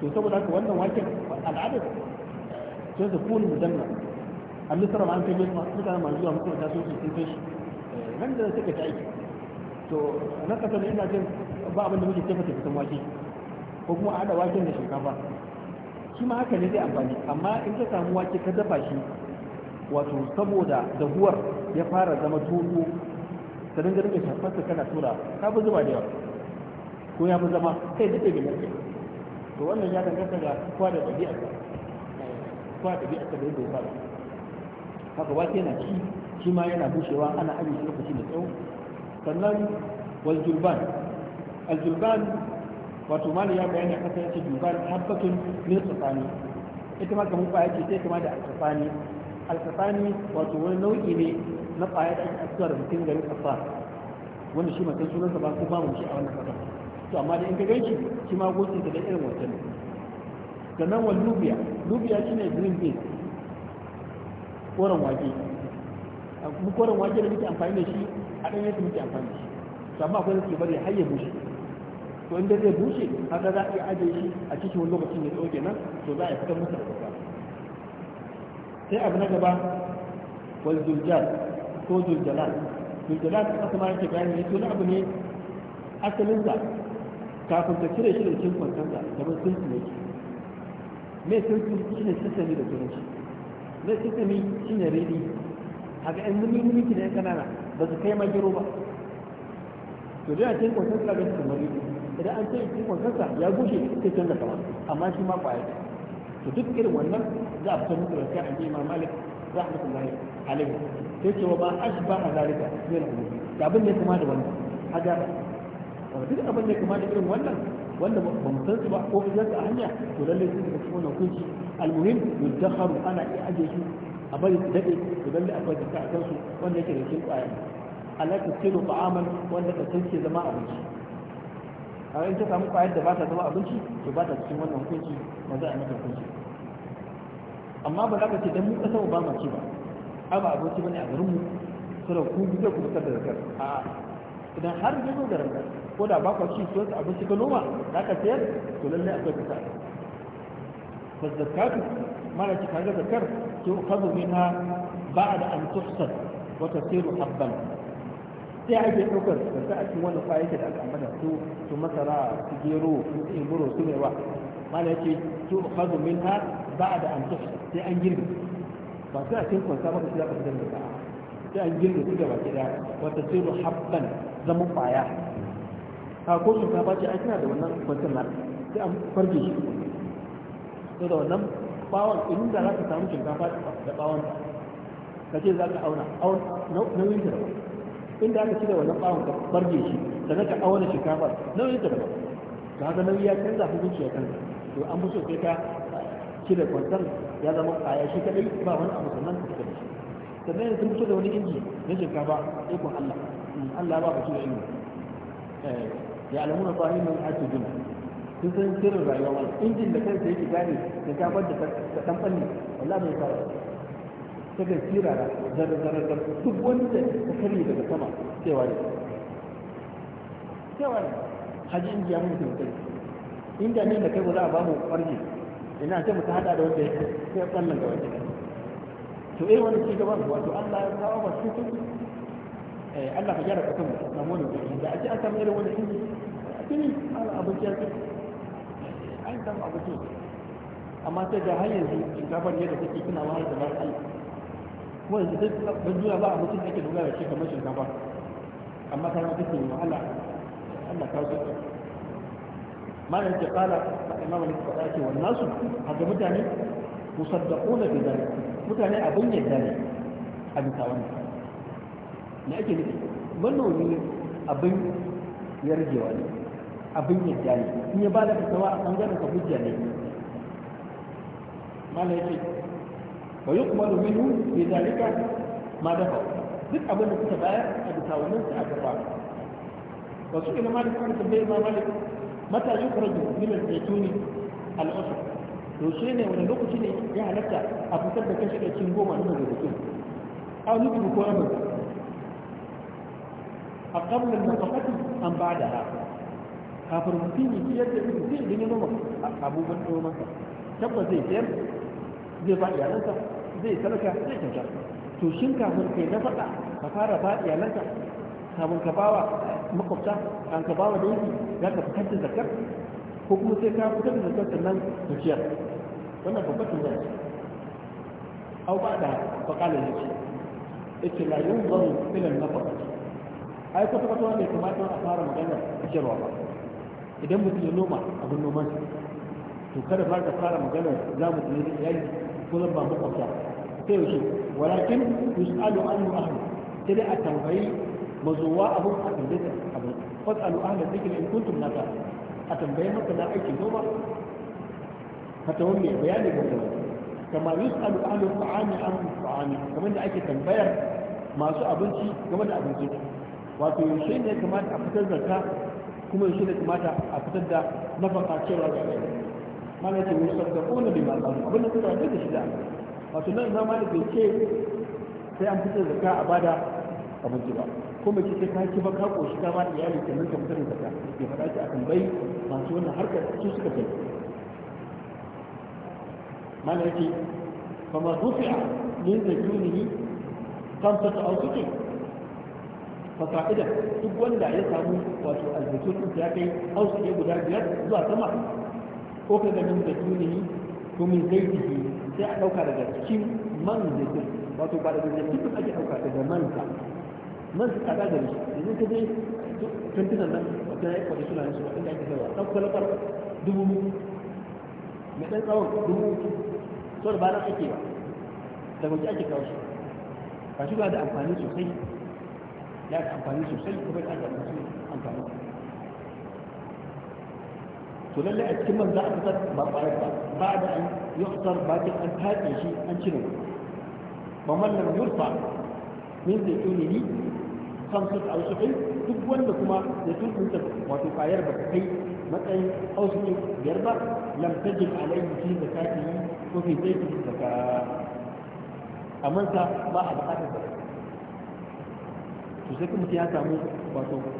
to saboda haka wannan waken al'adar sai da kullu mudanna a misra ma an kai ma suka ma zuwa muku ta so su sun kai shi eh, nan da suka ta aiki to na kasar ina jin ba abin da muke tafa tafi san wake ko kuma a hada waken da shinkafa shi ma haka ne zai amfani amma in ka samu wake ka dafa shi wato saboda dahuwar ya fara zama tuwo ka dinga dinga shafar ka kana tura ka fi zuba da yawa ko ya fi zama kai duk da bi lafiya to wannan ya danganta ga kwa da ɗabi'a ka kwa da ɗabi'a ka da yadda ya fara haka wake yana ci shi ma yana bushewa ana ajiye shi lokaci da tsawo sannan wal julban al julban wato mali ya bayani a kasa yace julban habbatun min tsakani ita ma kamar ba yake sai kuma da al tsakani al tsakani wato wani nau'i ne na ƙwaya da ake asuwa da mutum garin kafa wanda shi matan sunansa ba su ba mu shi a wannan kasa to amma da in ka gan shi shi ma gocin da irin wancan ne sannan wa lubiya lubiya shine green bean koren wake mu koren wake da muke amfani da shi a ɗan yadda muke amfani da shi to amma akwai da suke bari har ya bushe to inda zai bushe haka za a iya ajiye shi a cikin wani lokacin ya tsoke nan to za a yi fitar masa da sai abu na gaba wal dujjal ko zuljalal zuljalal a ƙasa ma yake bayani ne wani abu ne asalin sa kafin ka cire shi da cikin kwanton sa kamar sun ne mai sun shi ne sisami da turanci mai sisami shi ne redi a ga yan muni da ne kanana ba su kai magiro ba to da cikin kwanton da ga su kamar redi idan an ce cikin kwanton da ya gushe sai canza kama amma shi ma kwaya to duk irin wannan za a fitar musu da kai a ji imam malik rahmatullahi alaihi sai ce wa ba a zalika min na umuri da abin ne kuma da wannan hajara wanda duk abin ne kuma da irin wannan wanda ba mu san su ba ko su a hanya to lalle su da cikin hukunci al-muhim haru ana iya aje su a bari su dade to lalle akwai ta a su wanda yake da cikin kwaya Allah ta ce ta'aman wanda ta sanke zama abinci a in ta samu kwayar da ba ta zama abinci to ba ta cikin wannan hukunci ba za a mata hukunci amma ba za ka ce dan mu kasa ba ma ci ba Aba ba aboki bane a garin mu sura ku zai ku fitar da zakar a idan har ji zo garin ka ko da ba ka ci to abinci ka noma za ka sayar to lalle akwai zakar fa zakatu mala ki kaga zakar ki ukhadhu minha ba'da an tuhsad wa tasiru habban sai ake ɗaukar da ka a cikin wani da aka amana su su masara su gero su tsibiro su mewa mana yake su hadu min ha ba da an sai an girbi ba sai a cikin kwanta maka shi za ka daga da sai an girbe su gaba ki daya wata sirru habban zama kwaya a ko ta bace an kira da wannan kwantar na sai an farge shi to da wannan bawon inda za ka samu shinkafa da bawon ka ce za ka auna nauyin ta daban inda aka da wannan bawon ka farge shi sannan ka auna shinkafar nauyin ta daban ka ga nauyi ya canza hukunci ya canza to an fi so sai ka cire kwantar ya zama kaya shi kadai ba wani abu sannan ka fita da shi sannan yanzu fito da wani inji na shinkafa ikon Allah hmm, Allah ba bakin shi eh, ya alamuna tsarin mai ake jima sun san sirrin rayuwa wani injin da kansa yake gane shinkafar da ta dan fanni wallahi bai fara ta ga sirara zarar zarar duk wanda ta kare daga sama cewa ne cewa ne haji injiya mun kai inda ne da kai ba za a ba mu farji ina ce mutu hada da wanda ya sai tsallan da wanda to eh wani ci gaban wato Allah ya kawo ba su tun eh Allah ka gyara kasan na wani kuɗi da ake an samu irin wani inji a cikin abinci ya ce an samu abinci amma sai da har yanzu shinkafar da take kina wahal da ba Allah kuma yanzu sai ban jura ba abincin da ake dogara shi kamar gaba. amma ta yi wata wahala Allah ka kawo sauƙi malam ta kala imam malik faɗa ce wannan su haka mutane musaddaquna bi dhalik mutane abin yadda ne a bisa wannan me ake nufi manomi abin yarjewa ne abin yadda ne in ya bada fitawa a bangaren ka hujja ne mana yake wa yuqbalu minhu bi zalika ma dafa duk abin da kuka bayar a bisa wannan sai aka ba wasu kan ma malik mata yukhraju min al-zaytuni al-usr to shi ne wani lokaci ne ya halatta a fitar da kashi da cin goma na zaitun aw kuma ko abu a qabla nafaqati an ba ba'daha kafin mutum yi fiye da ido sai idan ya noma abubuwan noma sa tabbas zai fiye zai ba iyalansa zai salaka zai kyauta to shin kafin kai na faɗa ka fara ba iyalanka kamun ka bawa makwabta kan ka bawa dangi za ka fitar da zakar ko kuma sai ka fitar da zakar sannan ka ciyar wannan babbar tambaya ce au ba da fakalar ya ce yace la filin ila nafaqat ai kwata kwata wanda kamata a fara magana ciyarwa ba idan mutum ya noma abin noman to kada ba ka fara magana za mu tuni da iyali ko zan ba makwabta sai yaushe walakin yus'alu anhu ahlu sai dai a tambayi mazowa abun a tambaye ta abun fasalu da dhikri in kuntum la a tambaye maka na aiki noma fatawan mai bayani ga wani kama yus'alu da ta'ami an ta'ami kamar da ake tambayar masu abinci game da abinci wato yaushe ne kamata a fitar da ta kuma yaushe ne kamata a fitar da nafaka cewa ga ɗaya mana ce wani sabda kona bai masu abin da suka rabu da shi da wato nan zama da ce sai an fitar da ka a bada abinci ba ko mace ta ka ki ba ka koshi ka ba iyali kenan ka fitar da ta ya faɗa ki a tambayi masu wannan harkar su suka kai mana yake fa ma da min zakunihi kan ta auki fa fa'ida duk wanda ya samu wato azzakun ya kai auki guda biyar zuwa sama ko ka ga min zakunihi ko min zaitihi sai a ɗauka daga cikin man ke wato ba da cikin ake ɗauka daga man ka man su tsada da su yanzu ka je kantinan nan wata ya kwaje suna su inda ake kaiwa ɗan kwalafar dubu mai ɗan tsawon dubu so da ba na ake ba da wajen ake kawo shi ba shi ba da amfani sosai ya da amfani sosai kuma da aka amfani amfani to lalle a cikin man za a fitar ba ƙwarar ba ba da an yi bakin an tace shi an cire ba mallam yurfa min zai tsoni ni samsat a wasu kai duk wanda kuma ya tuntunta wato ba kai matsayin hausin biyar ba ko fi ba a bukatar zakka to kuma ya samu wato ko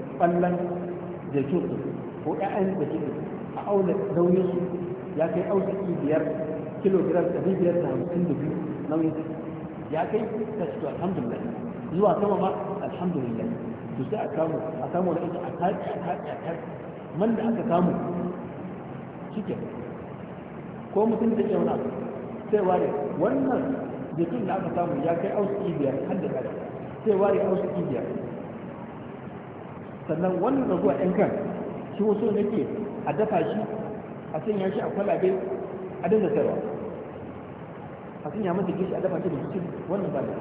ƴaƴan a auna nauyin su ya kai biyar ɗari biyar da hamsin da biyu nauyin ya kai alhamdulillah zuwa sama ma alhamdulillah to sai a samu a samu da ita a tace a tace a tace man da aka samu shike ko mutum da na, sai ware wannan jikin da aka samu ya kai auski biyar har da kada sai ware auski biyar sannan wannan raguwa 'yan kan shi wasu nake a dafa shi a sanya shi a kwalabe a dinga sayarwa a sanya masa gishi a dafa shi da cikin wannan ba da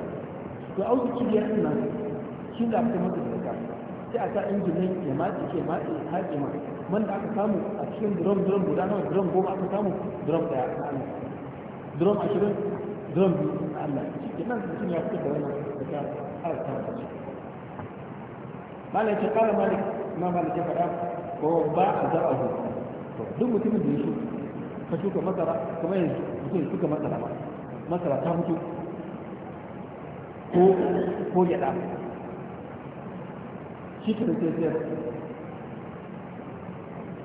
to auski biyar nan shi da aka masa da sai a sa injinin ya matse ke matse ya haƙe ma man da aka samu a cikin drum drum guda nawa drum goma aka samu drum ɗaya na Allah drum ashirin drum biyu na Allah shi ke nan mutum ya fitar da wannan da ka har ta ce malai ce ƙara malik ma malik ya faɗa ko ba a a hu duk mutumin da ya shuka ka shuka masara kuma yanzu mutum ya shuka masara ba masara ta mutu ko ko gyaɗa فكرة ذلك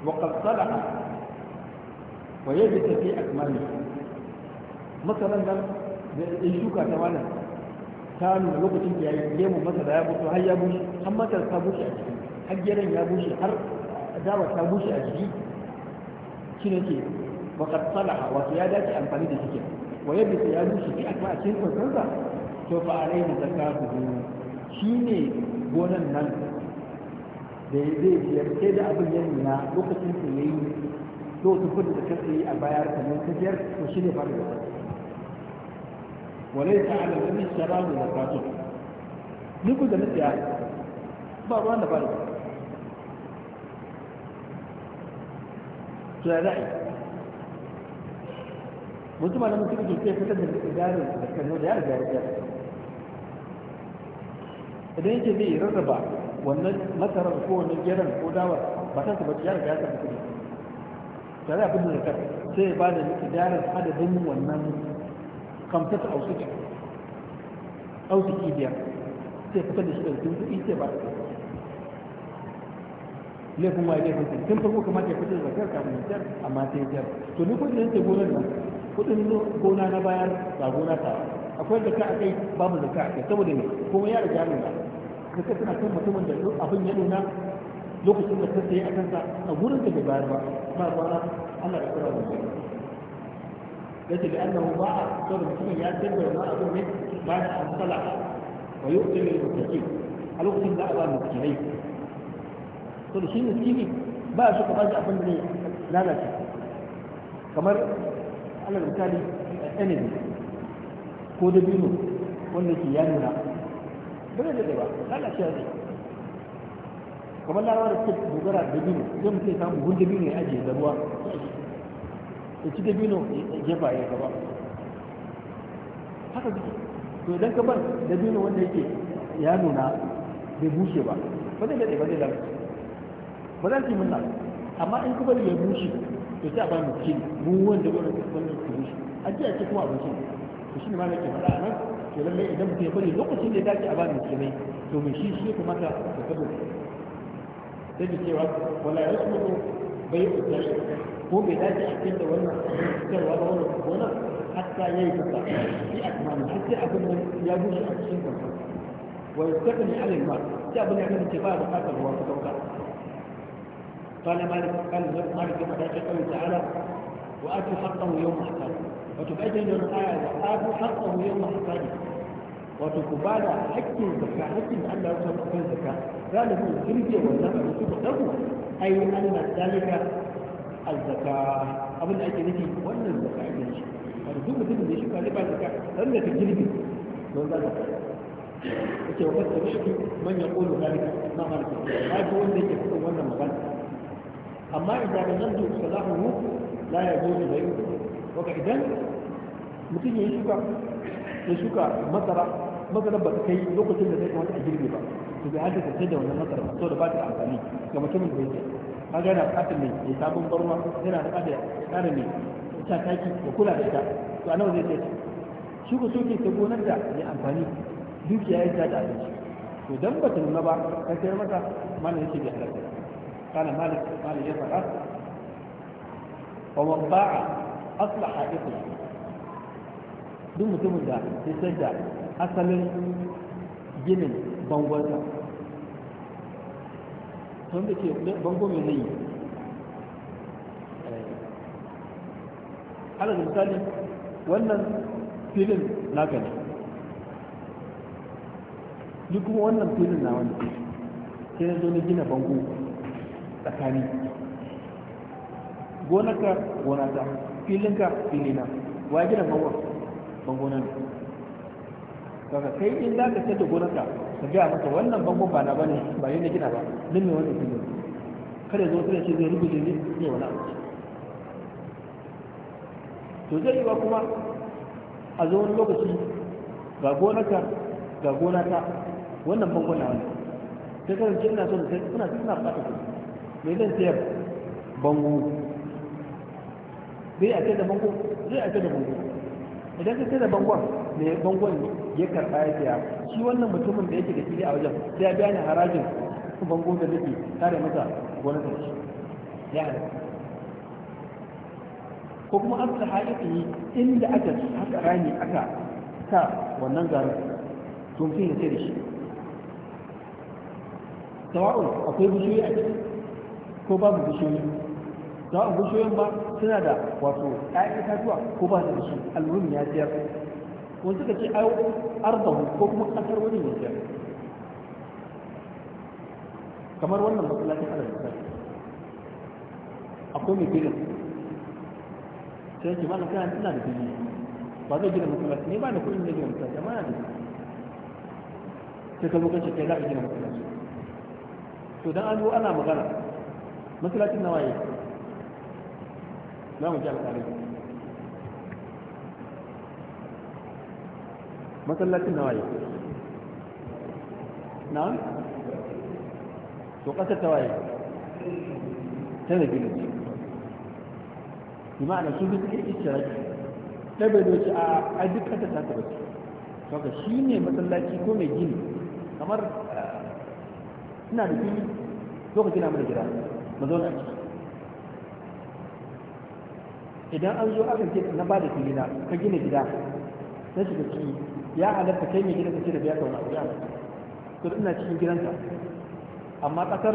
وقد صلح ويجد في أكماله مثلا الشوكة توانا كانوا لوكتين في عيامه مثلا يا بوتو هيا بوشي هم مثلا تابوشي أجلي حجرا يا بوشي هر دعوة تابوشي أجلي شنو كي وقد صلح وسيادة أنفاني دي ويبي سيادة شكي أكما أجلي فالكنزا سوف عليه زكاة شيني بونا نانكو da ya zai biyar sai da abin ya nuna lokacin su ya yi to ta kudu da kasi a bayar kamar ta biyar to shi ne fara da kasi walai ta ala wani shara da zakatu ni ku da na siya ba ruwan da ba da to ya za'i mutum da mutum ke ke fitar da idanin da kano da ya riga ya idan yake zai rarraba wannan masarar ko wannan geran ko dawar ba kansa ba ya riga ya tafi kudi tare abin da zakar sai ya bada miqdarin adadin wannan kamtata ausuki ausuki biyar sai fitar da shi da tun kudi sai ba laifin ma laifin sai tun farko kamata ya fitar da zakar kafin ya amma sai ya tsar to ni kudin sai gonar nan kudin gona na bayar ba gona ta akwai zakka a kai babu zakka a kai saboda ne kuma ya riga ne ka ka tana kan mutumin da abin ya nuna lokacin da ka sayi a kansa a gurin da bai bayar ba ba kwana Allah ya kira mu da ce da annahu ba a saboda mutumin ya tabbar wannan abin ne ba da amsala wa yu'til lil muttaqin a lokacin da Allah mutaqinai to shi ne kini ba shi ka bashi abin da ne lalace kamar Allah ya misali enemy ko da dabino wanda ke ya nuna ba zai daɗe ba lalacewa zai kamar larawa da dogara da dabino zai mutum ya samu buhun dabino ya da ruwa ya ci dabino ya jefa ya gaba haka suke to idan ka bar dabino wanda yake ya nuna bai bushe ba ba zai daɗe ba zai ba za su yi murna amma in ka bari ya bushe to sai a ba mu kin mu wanda wanda ka bushe a ji a ce kuma abincin to shi ne ma nake faɗa a nan to lallai idan mutum ya bari lokacin da ya dace a ba musulmai to mai shi shi sai da cewa wala ya bai ko bai dace a cikin da wannan cikarwa ba wannan hatta ya yi shi a har sai abin nan ya a cikin kansa wa ya ne alin ba sai abin ya ba da ruwa ta dauka قال مالك قال مالك تعالى حقه يوم حقه wato ka ita yin aya wa adu haqqahu yawma hasadi wato ku ba da haƙƙin zakka haƙƙin da Allah ya san sa kan zakka galibi jirge wannan abu ku dauko ai Allah zalika azzaka abin da ake nufi wannan zakka ake shi wato duk mutumin da ya shuka riba zakka dan da ta girbe don za ka yake wa kasta shi man ya kulu zalika na malaka ba ji wanda yake fito wannan magana amma idan lam yusalahu la yajuzu bayyuhu waka idan mutum ya yi shuka ya shuka masara masara ba ta kai lokacin da zai kamata a girbe ba to bai hada ta da wannan masara ba saboda ba ta amfani ga mutumin da yake kaga yana bukatar ne ya sabon barwa yana bukatar ya kara ne ta taki ya kula da ita to a nawa zai kai shi ko ta gonar da ya amfani dukiya ya ta da abinci to dan ba ta nuna ba ka sayar masa mana yake da halaka kana malik malik ya faɗa wa man ba'a asla haifin duk mutumin da ya san da asalin ginin bangonsa tun da ke bango mai zai yi eh, ala misali wannan filin na gani ni kuma wannan filin na wani sai na zo na gina bango tsakani gonaka ta. filinka filina wa gina bangon bangona ne kaga kai in za ka sayar gonarka ka ga maka wannan bangon ba na bane ba ne gina ba din ne wannan filin kada zo sai ce zai din ne ne wani abu to zai ba kuma a zo wani lokaci ga ka ga gonata wannan bangon na wani sai kasance ina so da sai kuna suna fata ne me zan sayar bango zai a ce da bango zai a da bango idan ka ce da bangon ne bangon ya karɓa ya saya shi wannan mutumin da yake da fili a wajen sai ya biya ni harajin bango da nake kare masa gonar da shi ya halatta ko kuma an ta yi inda aka haka rani aka sa wannan garin to mutum ya ce da shi sawa'un akwai bishiyoyi a ciki ko babu bishiyoyi sawa'un bishiyoyin ba suna da wato ƴaƴan itatuwa ko ba su da su al'ummar ya siyar wani suka ce ai arzahu ko kuma ƙasar wani ya siyar kamar wannan masallacin ala misali akwai mai gidan sai ce mana kana tana da gidan ba zai gina masallaci ne ba da kuɗin da gina masallaci amma na da sai ka zo kan shekai za a gina masallaci to dan an zo ana magana masallacin nawa yake لا مجال عليه مثلا لك النوايا نعم سوقات التوايا تنجل بمعنى سوقات الإسراج تبدو شعاء أدك حتى تتبس فقط شيني مثلا لك يكون جيني كمار آه، نعم جيني لوقتنا من الجراح مظلون أجل idan an zo aka ce na bada fili na ka gina gida na shiga ciki ya halatta kai mai gida kace da biya kauna ya halatta to ina cikin gidansa amma kasar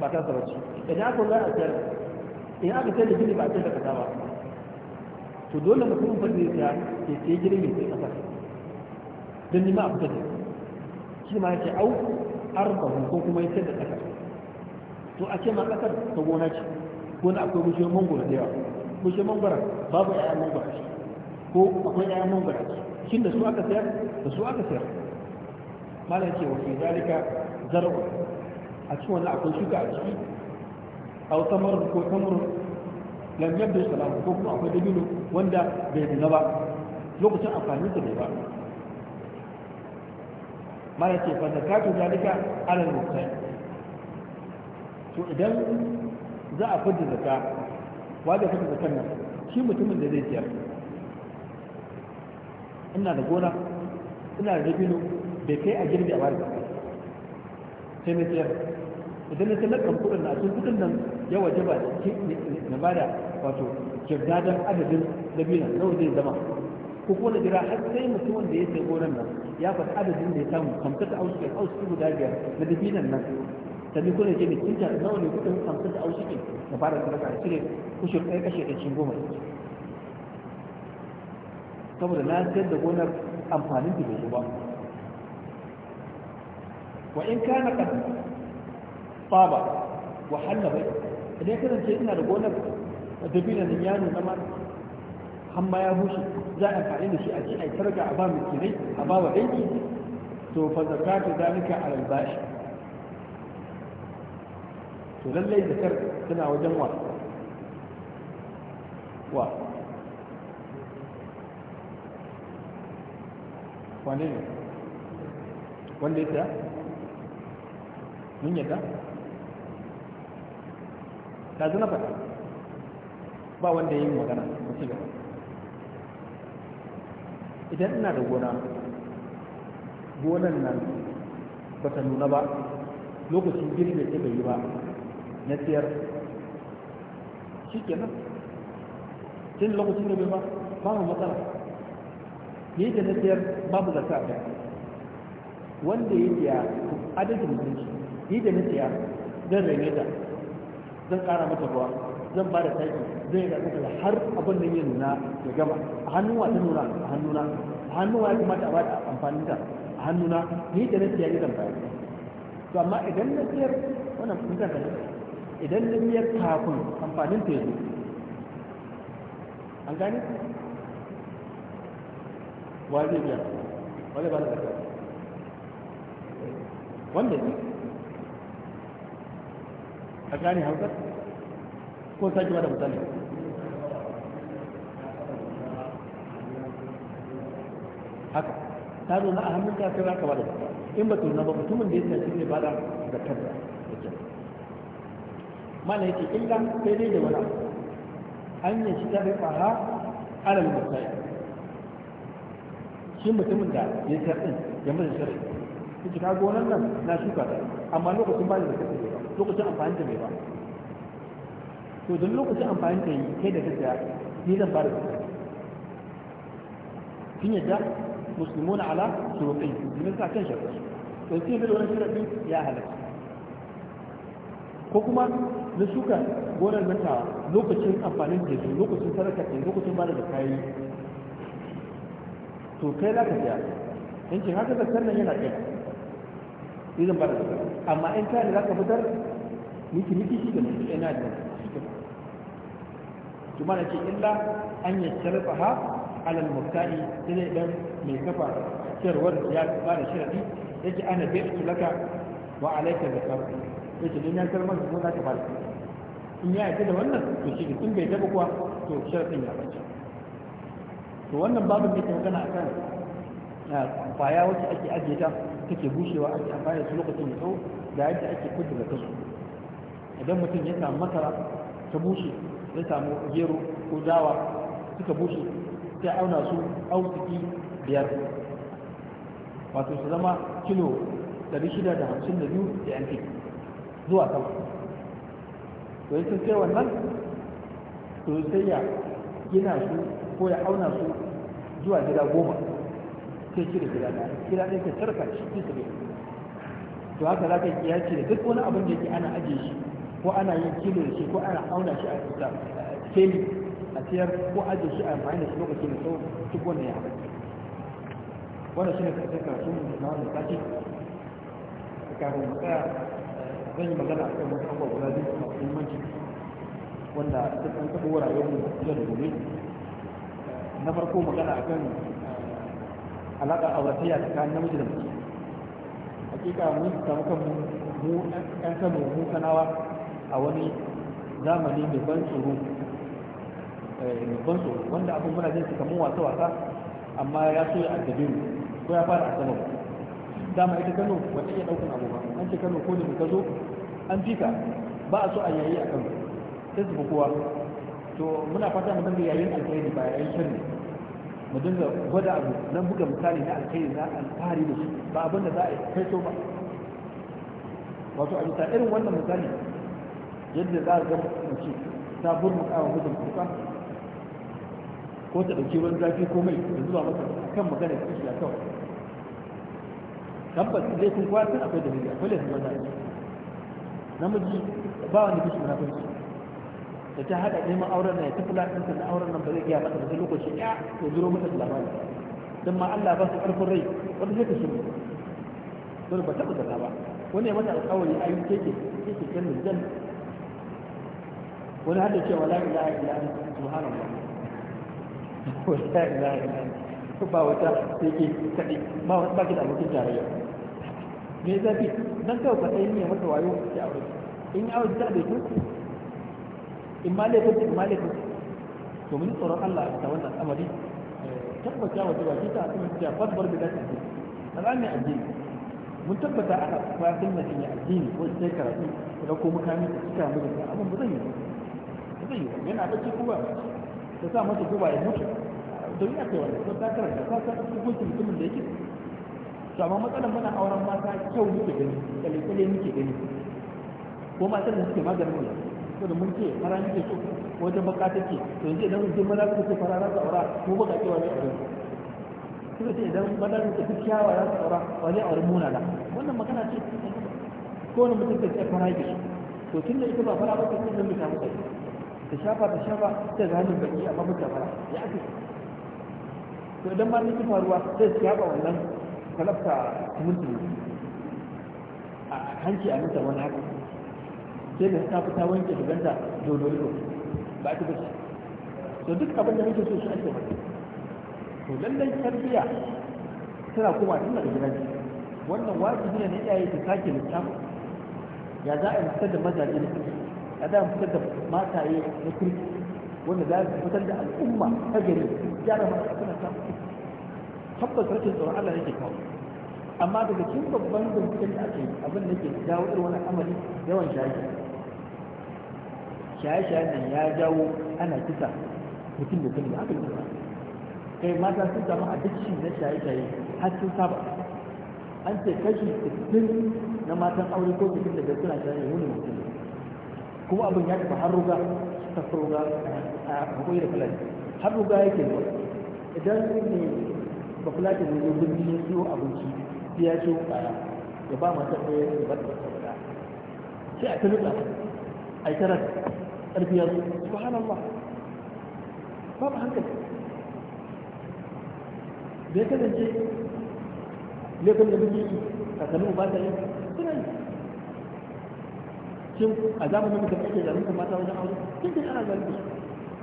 ba ta saba ce idan aka zo a sayar idan aka sayar da gini ba a sayar da kasa ba to dole mutumin fa zai saya ya sayi gidan mai sai kasar don nima a fitar da shi ma ya ce au arba'un ko kuma ya sayar da kasar to a ce ma kasar ta gona ce gona akwai bishiyar mangoro da yawa bushe mangwara babu ƴaƴan mambara, ko akwai ƴaƴan mambara. shin da su aka sayar da su aka sayar malam ce wa zalika zarwa a cikin wannan akwai shuka a ciki aw tamarun ko tamarun lam yabdu salam ko kuma akwai dabino wanda bai nuna ba lokacin amfani da bai ba malam ce fa zakatu zalika alal mutai to idan za a fidda zakka wa da kake zakar nan shi mutumin da zai ciyar ina da gona ina da dabino bai kai a girbi a bari sai na ciyar idan na sanar kan kudin na cikin kudin nan ya waje ba na bada wato kirdadan adadin dabino nawa zai zama ko kuma na jira har sai mutumin da ya sai gonan nan ya faɗi adadin da ya samu kamtata ausu guda biyar na dabinan nan ta bi kuna ce mai cinta nawa ne kuka hamsin da aushi ne da fara da a cire kushe ɗaya kashe da cin goma saboda na sayar da gonar amfanin da bai ba wa in ka na kad tsaba wa halla bai idan ya kasance ina da gonar dabila nan ya nuna ma hamma ya bushe za a amfani da shi a ci a targa a ba mu kinai a ba wa dangi to fa zakatu zalika al-bashi to lallai zakar tana wajen wa wa wane ne wanda ya mun yadda ta zana faɗa ba wanda ya yi magana ku ci gaba idan ina da gona gonan nan ba ta nuna ba lokacin girbe ta bai yi ba na siyar shi ke nan cin lokacin da bai ba babu matsala ne da na siyar babu zata a wanda ya siya adadin shi ni da na siya zan rene ta zan kara mata ruwa zan ba da taki zai ga da har abin da ya nuna ya gama a hannuwa ta nuna a hannuna a hannuwa ya kuma a ba da amfani ta a hannuna ni da na siya ni zan bayar to amma idan na siyar wannan mutunta ne idan na biyar kafin amfanin ta yanzu an gani? wa zai biya wanda ba da zaka wanda ne a gani hausa ko sake ba da mutane, haka ta nuna a hannun kafin raka ba in ba tuna ba mutumin da ya shi ne ba da zakar mana yake illa sai dai da wani an yi shi ta rufa ha alal musai shi mutumin da ya tarɗin ya masa shirin su ci kago nan nan na shuka ta amma lokacin ba da zaka ba lokacin amfani da bai ba to don lokacin amfani da yi kai da kasa ni zan ba da zaka kin yadda muslimuna ala shuruqi musulmin sa kan shirka to sai da wani shirin ya halatta ko kuma na shuka gonar mata lokacin amfanin jesu lokacin sarrafa ke lokacin ba da kayi to kai za ka ja in ce haka zartar nan yana kai izin ba da zakar amma in kayan za ka fitar miki miki shi da mutu yana da su kuma na ce illa an yi sarrafa ha alal mutane sai dan mai kafa ciyarwar ya ba da sharadi yake ana bai laka wa da zakar yake don ya karmar da kuma za ka ba da in ya yarda da wannan to shi in bai taɓa kuwa to sharfin ya bace to wannan babin da ke magana akan kwaya wacce ake ajiye ta take bushewa ake amfani da su lokacin da tsawo da yadda ake kudu ta su idan mutum ya samu masara ta bushe ya samu gero ko dawa suka bushe sai auna su auziki biyar wato su zama kilo 652 da yanki zuwa sama sai sun sai wannan to sai ya gina su ko ya auna su zuwa gida goma sai shi da gida ɗaya gida ɗaya ka tarka shi fi su to haka za ka kiyace da duk wani abin da yake ana ajiye shi ko ana yin kilo da shi ko ana auna shi a keli a siyar ko ajiye shi a amfani da shi lokaci mai tsawo duk wannan ya haɗa wannan shi ne karatu na wannan sati kafin mu tsaya zan yi magana a kan wasu abubuwa guda biyu masu muhimmanci wanda duk an taɓa rayuwar mu yau da gobe na farko magana a kan eh, alaƙa auratayya tsakanin namiji da mace hakika mun samu kanmu mu ɗan kanmu mu kanawa a wani zamani mai ban tsoro eh, mai ban tsoro wanda abin muna jin su kamar wasa wasa amma ya so ya addabe mu ko ya fara a sama dama ita kano wata iya ɗaukan abu ba an ce kano ko da mu ka zo an fika ba a so a yayi a kan sai su kowa to muna fata mu dinga yayin alkhairi ba yayin shirri mu dinga gwada abu nan buga misali na alkhairi na alfahari da shi ba abin da za a kai so ba wato a bisa irin wannan misali yadda za a ga mace ta burmuka wa mutum kuka ko ta ɗauki wani zafi ko mai da zuwa masa kan magana kishiya kawai tabbas zai kun kwatar akwai da akwai laifin wani namiji ba wani bishi munafunci da ta haɗa neman auren na ya tafi lafiyarsa na auren nan ba zai gaya masa da lokaci ya to zuro mata labari don ma Allah ba su ƙarfin rai wani zai ta shi don ba taɓa zata ba wani ya mata alƙawari a yi keke keke kan nijan wani hada cewa la ilaha illa anta subhanallah wa la ilaha illa anta ba wata sai ke kadi ba ba ki da abokin tarayya me zafi dan kawai kwatai ne mata wayo ki aure in ya aure ta da ku in ma laifin in ma laifin to mun tsoron Allah a ta wannan amari eh, tabbata wa cewa kita a cikin cewa fasbar da zaka ji alami addini mun tabbata a fasin na cikin addini ko sai karatu ko da ko mutane su cika mu da abin ba zai yi ba zai yi yana bacci kuba ta sa mata kuba ya mutu don ya kai wannan ko ta karanta ta san hukuncin mutumin da yake to amma matsalar muna auren mata kyau muke gani kyale-kyale muke gani ko matar da suke maganin mu to da mun ce fara muke so wajen baka take to yanzu idan mun maza suka ce fara za su aura ko baka ce wani aure suka ce idan maza suka ce kyawa za su aura wani aure munana wannan magana ce ko wani mutum ta ce fara yake to tunda ita ba fara ba ta ce zan mu samu kai ta shafa ta shafa ta gani baki amma mutum fara ya ake to idan ma ki faruwa sai su yaba wannan kalafta mutum a hanci a mutum wani haka sai da ta fita wanke shuganta dodorido ba ta bace to duk abin da muke so shi ake mata to lallai tarbiya tana kuma tun daga gidan wannan wajibi ne na iyaye ta sake littafi ya za a fitar da mazaje na kirki ya za a fitar da mataye na kirki wanda za a fitar da al'umma ta gari gyara mata suna samun tabbas rashin tsoron Allah yake kawo amma daga cikin babban binciken da ake abin da ke jawo irin wani amali yawan shaye shaye-shaye nan ya jawo ana kisa mutum da kuma haka ne kai mata sun samu shi na shaye-shaye har sun saba an ce kashi 60 na matan aure ko 60 da suna shaye wani mutum kuma abin ya tafi har ruga ta ruga a hakuri da kalari har ruga yake zuwa idan ne ba kula da wani birni ya siyo abinci sai ya ciwo kara ya ba mata ɗaya ya ba ta sauka sai a ta nuka a yi tarar ƙarfi ya zo subhanallah babu hankali da ya kasance laifin da muke yi kakannin ba ta yi suna yi shin a zamanin da ake zalunta mata wajen aure kin ana zalunta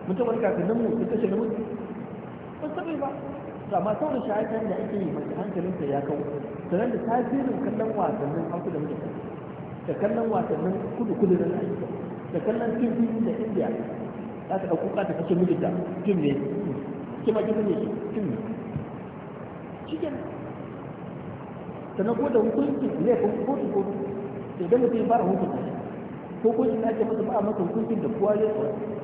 mutum wani kakannin mu su kashe namiji ba su taɓa ba amma sauran shayatar da ake yi mai hankalinta ya kawo sannan da tasirin kallon wasannin hausa da muke da kallon wasannin kudu kudu na aiki da kallon fim fim da indiya za ta ɗauko ta kashe mijinta fim ne kima kima ne fim ne cikin sannan ko da hukuncin laifin kotu kotu idan mutum ya fara hukunta ko ko ina ake masa ba a masa hukuncin da kowa ya tsoro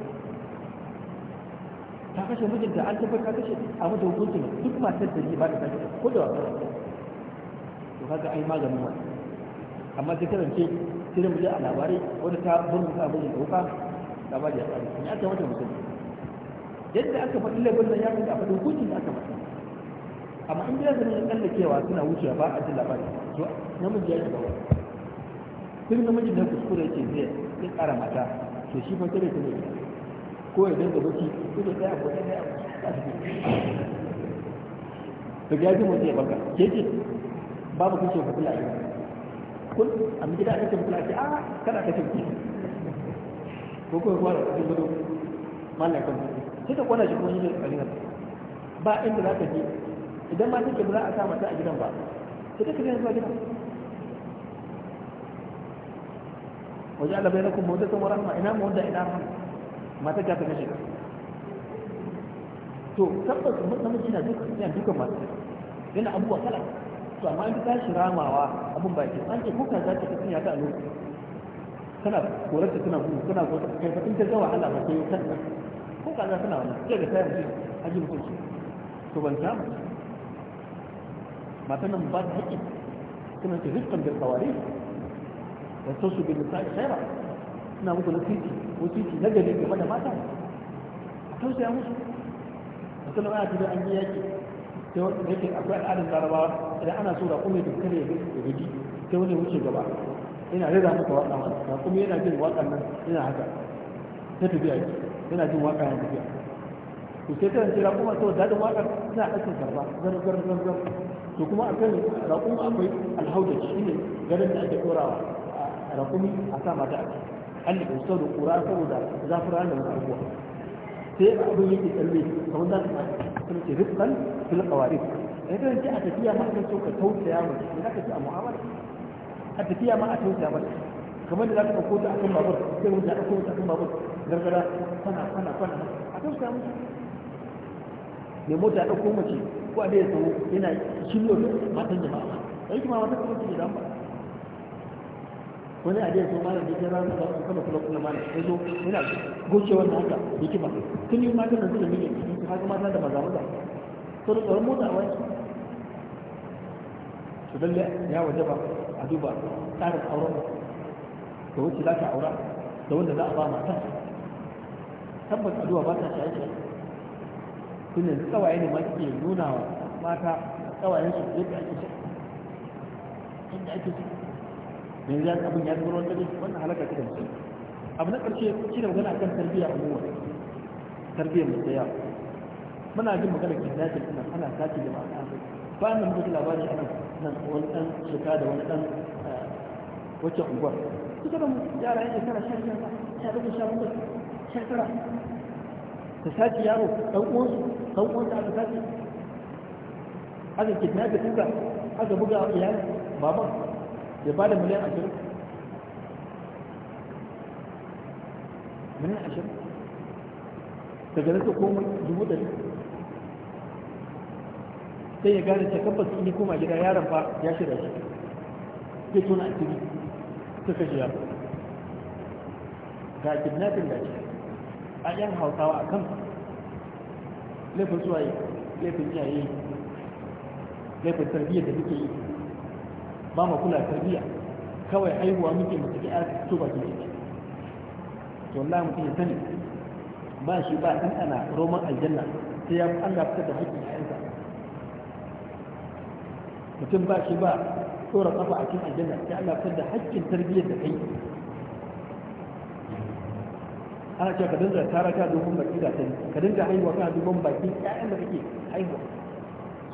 ta kashe mijinta an tabbata ta kashe a mata hukuncin duk matar da ji ba ta kashe ko da wata. to kaga ai maganin wani amma ta karance sai da a labarai wanda ta burin ta burin dauka ta ya tsari ne aka mata musulmi yadda aka faɗi labar nan ya fi da faɗin hukuncin da aka faɗi amma in gida zanen tsallakewa suna wucewa ba a jin labari to namiji ya shiga wani duk namijin da kuskure ce zai ya tsara mata to shi fa kare ta ne ko ya dinga baki ko da tsaya ko da tsaya to ya ji mutum ya baka ke ce babu kace fitila ne kun a mu gida kace fitila ce a ah, kana kace fitila ko ko ko da gudu mallan kan sai ka kwana shi kuma yin kalilan ba inda za ka je idan ma take ba za a sa mata a gidan ba sai ka kaje zuwa gidan wajen alabai na kuma wata tsamoran ma ina mu wanda ina rahama Mata ta kashe ka to tabbas namiji na duka yana duka mata yana abubuwa kala to amma ka shi ramawa abun baki an ce ka za ta kasance ta a kana korarta tana gudu kana gudu kai in ta ga wahala ba sai kan ko kaza tana wannan sai da sai mutum haji shi? to ban ta. Mata nan ba ta haƙƙi kuma ta rikkan da kawari da su bin misali khaira suna muku nasiti wasiti na gari game da mata a tausaya musu wasu ana tafiya an yi yaki sai wanda yake akwai al'adar larabawa idan ana so raƙumi da kare ya gaji sai wani wuce gaba yana rera maka waƙa ma raƙumi yana jin waƙan nan yana haka ta tafiya yana jin waƙa yana tafiya to sai kan jira kuma to dadin waƙar suna ɗaukar karba zar zar zar zar to kuma a kan raƙumi akwai alhauda shi ne garin da ake ɗorawa raƙumi a sa mata a ciki an da kusa da kura saboda zafin ranar da abuwa sai abin yake tsalle kamar za su sun ce rifkan fil kawari ya kan ce a tafiya ma kan so ka tausaya mace ya ka ce a mu'amala a tafiya ma a tausaya mace kamar da za ka ɗauko ta a kan babur sai wanda za ka a kan babur gargara kwana kwana kwana a tausaya mace mai mota ɗauko mace ko a da ya tsawo yana shirya matan jama'a aiki ma matan kuma su ke damu wani abin so malam da jira da su kama kula kula malam sai zo yana goce wannan haka hikima tun yi mata da su da miliyan cikin su haka mata da maza maza Ko da wani mota a wani to lalle ya waje ba a duba tsarin auren da wacce za ka aura da wanda za a ba mata tabbas a ba ta shaye shaye tun yanzu tsawaye ne ma ke nuna wa mata tsawayen su yadda ake shi inda ake shi yanzu ya abin ya zama wanda ne wannan halaka ta kanci abu na ƙarshe shi da magana akan tarbiyya a muwa tarbiyyar mu da yawa muna jin magana ke dace kuma ana sace da ma'a kan ba nan duk labari ana nan wani ɗan shekara da wani ɗan eh, wacce unguwar duka da yara yan shekara shan shida sha bakwai sha bakwai shan tara ta sace yaro dan uwansu dan uwansa aka sace aka kidnapping duka aka buga iyalan baban ya da miliyan ashirin miliyan ashirin daga nasa komai dubu da sai ya gane kafa su yi koma gida yaron ba ya shirya shi zai tona a cikin suka shi yaro ga kidnapping da shi a yan hausawa a kan laifin suwaye laifin iyaye laifin tarbiyyar da suke yi ba ma kula tarbiyya kawai haihuwa muke mu take aka fito ba kin to wallahi mutum ya sani ba shi ba in ana roman aljanna sai ya Allah fitar da hakkin ayyansa mutum ba shi ba tsora kafa a cikin aljanna sai Allah fitar da haƙƙin tarbiyyar da kai ana cewa ka dinga tara ka domin baki da sani ka dinga haihuwa kana domin baki ƴaƴan da kake haihuwa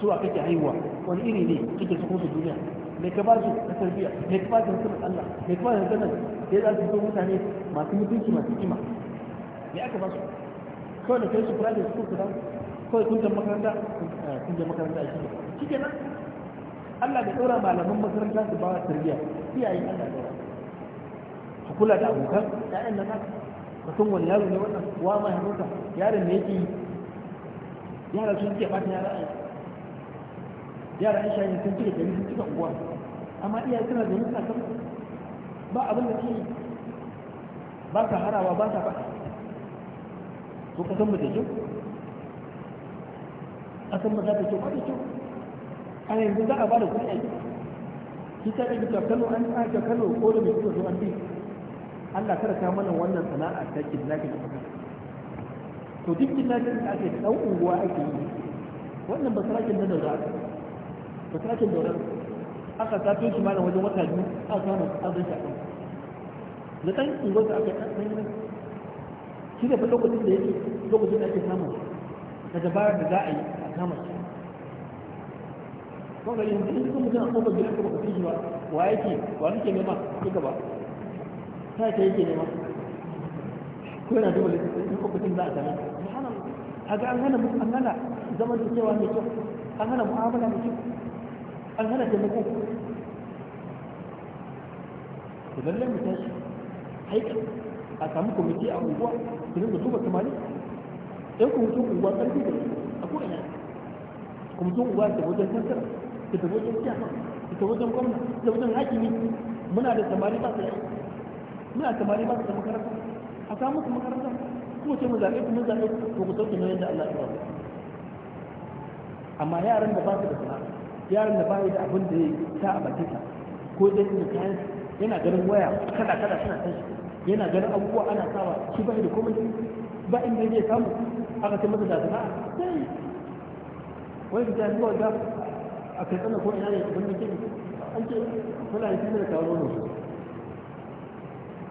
su a kake haihuwa wani iri ne kike su kuma su duniya Mai ka ba su na tarbiyya Mai ka ba su hukumar Allah me ka ba su hukumar sai za su zo mutane masu mutunci masu kima Mai aka ba su kawai da kai su kula da su kuka kawai kun jan makaranta eh, kun jan makaranta a shirya shi nan, Allah da ɗora malaman makaranta su ba tarbiyya Su iyayen Allah ɗora ku kula da abokan ƴaƴan nan haka ka san wani yaro ne wannan wa ma ya yaron ne yake yi yara sun ke ɓata yara a yara an shayin sun cire gari sun cika unguwa amma iyaye suna da nuna kan ba abin da ke ba ka harawa ba ta faɗa to ka san mutum kyau a san mu za ta kyau ba da kyau a yanzu za a ba da kuɗi aiki shi ta ɗage ta kano an ta kano ko da mai suka zo an bi Allah kada ka mana wannan sana'a ta kidnapping da kuka to duk kidnapping da ake ɗan unguwa ake yi wannan ba sarakin nan da za a ba ta kin dora aka sato shi malam wajen wata biyu a samu arzikin an zai shafa da kan ingon da aka kan shi da fi lokacin da yake lokacin da ake samu daga baya da za a yi a kama shi kuma yanzu in kuma mutum a kofar gidan ka baka shi ba wa yake wa kake nema ki gaba ta ta yake nema ko yana duba lokacin lokacin za a sami subhanallah kaga an hana an hana zaman da cewa mai kyau an hana mu'amala mai kyau an hana taimako to lallai mu tashi haika a samu kwamiti a unguwa su rinka duba samari yan kwamitin unguwa ƙarfi da a ko'ina kwamitin unguwa da wajen kansara da ta wajen kyafa da ta wajen gwamna da wajen hakimi muna da samari ba su yi, muna samari ba su da makaranta a samu su makaranta kuma ce mu zaɓe kuma zaɓe ko ku sauke nauyin da Allah ya ba amma yaran da ba su da sana'a yaron da bai da abin da ya sa a baki sa, ko zai yi kayan yana ganin waya kada kada suna shi yana ganin abubuwa ana sawa shi bai da komai ba inda zai samu aka ce masa da sana'a sai wani fita zuwa ga a kasar ko ina ne abin da ke an ce suna yi da kawo nono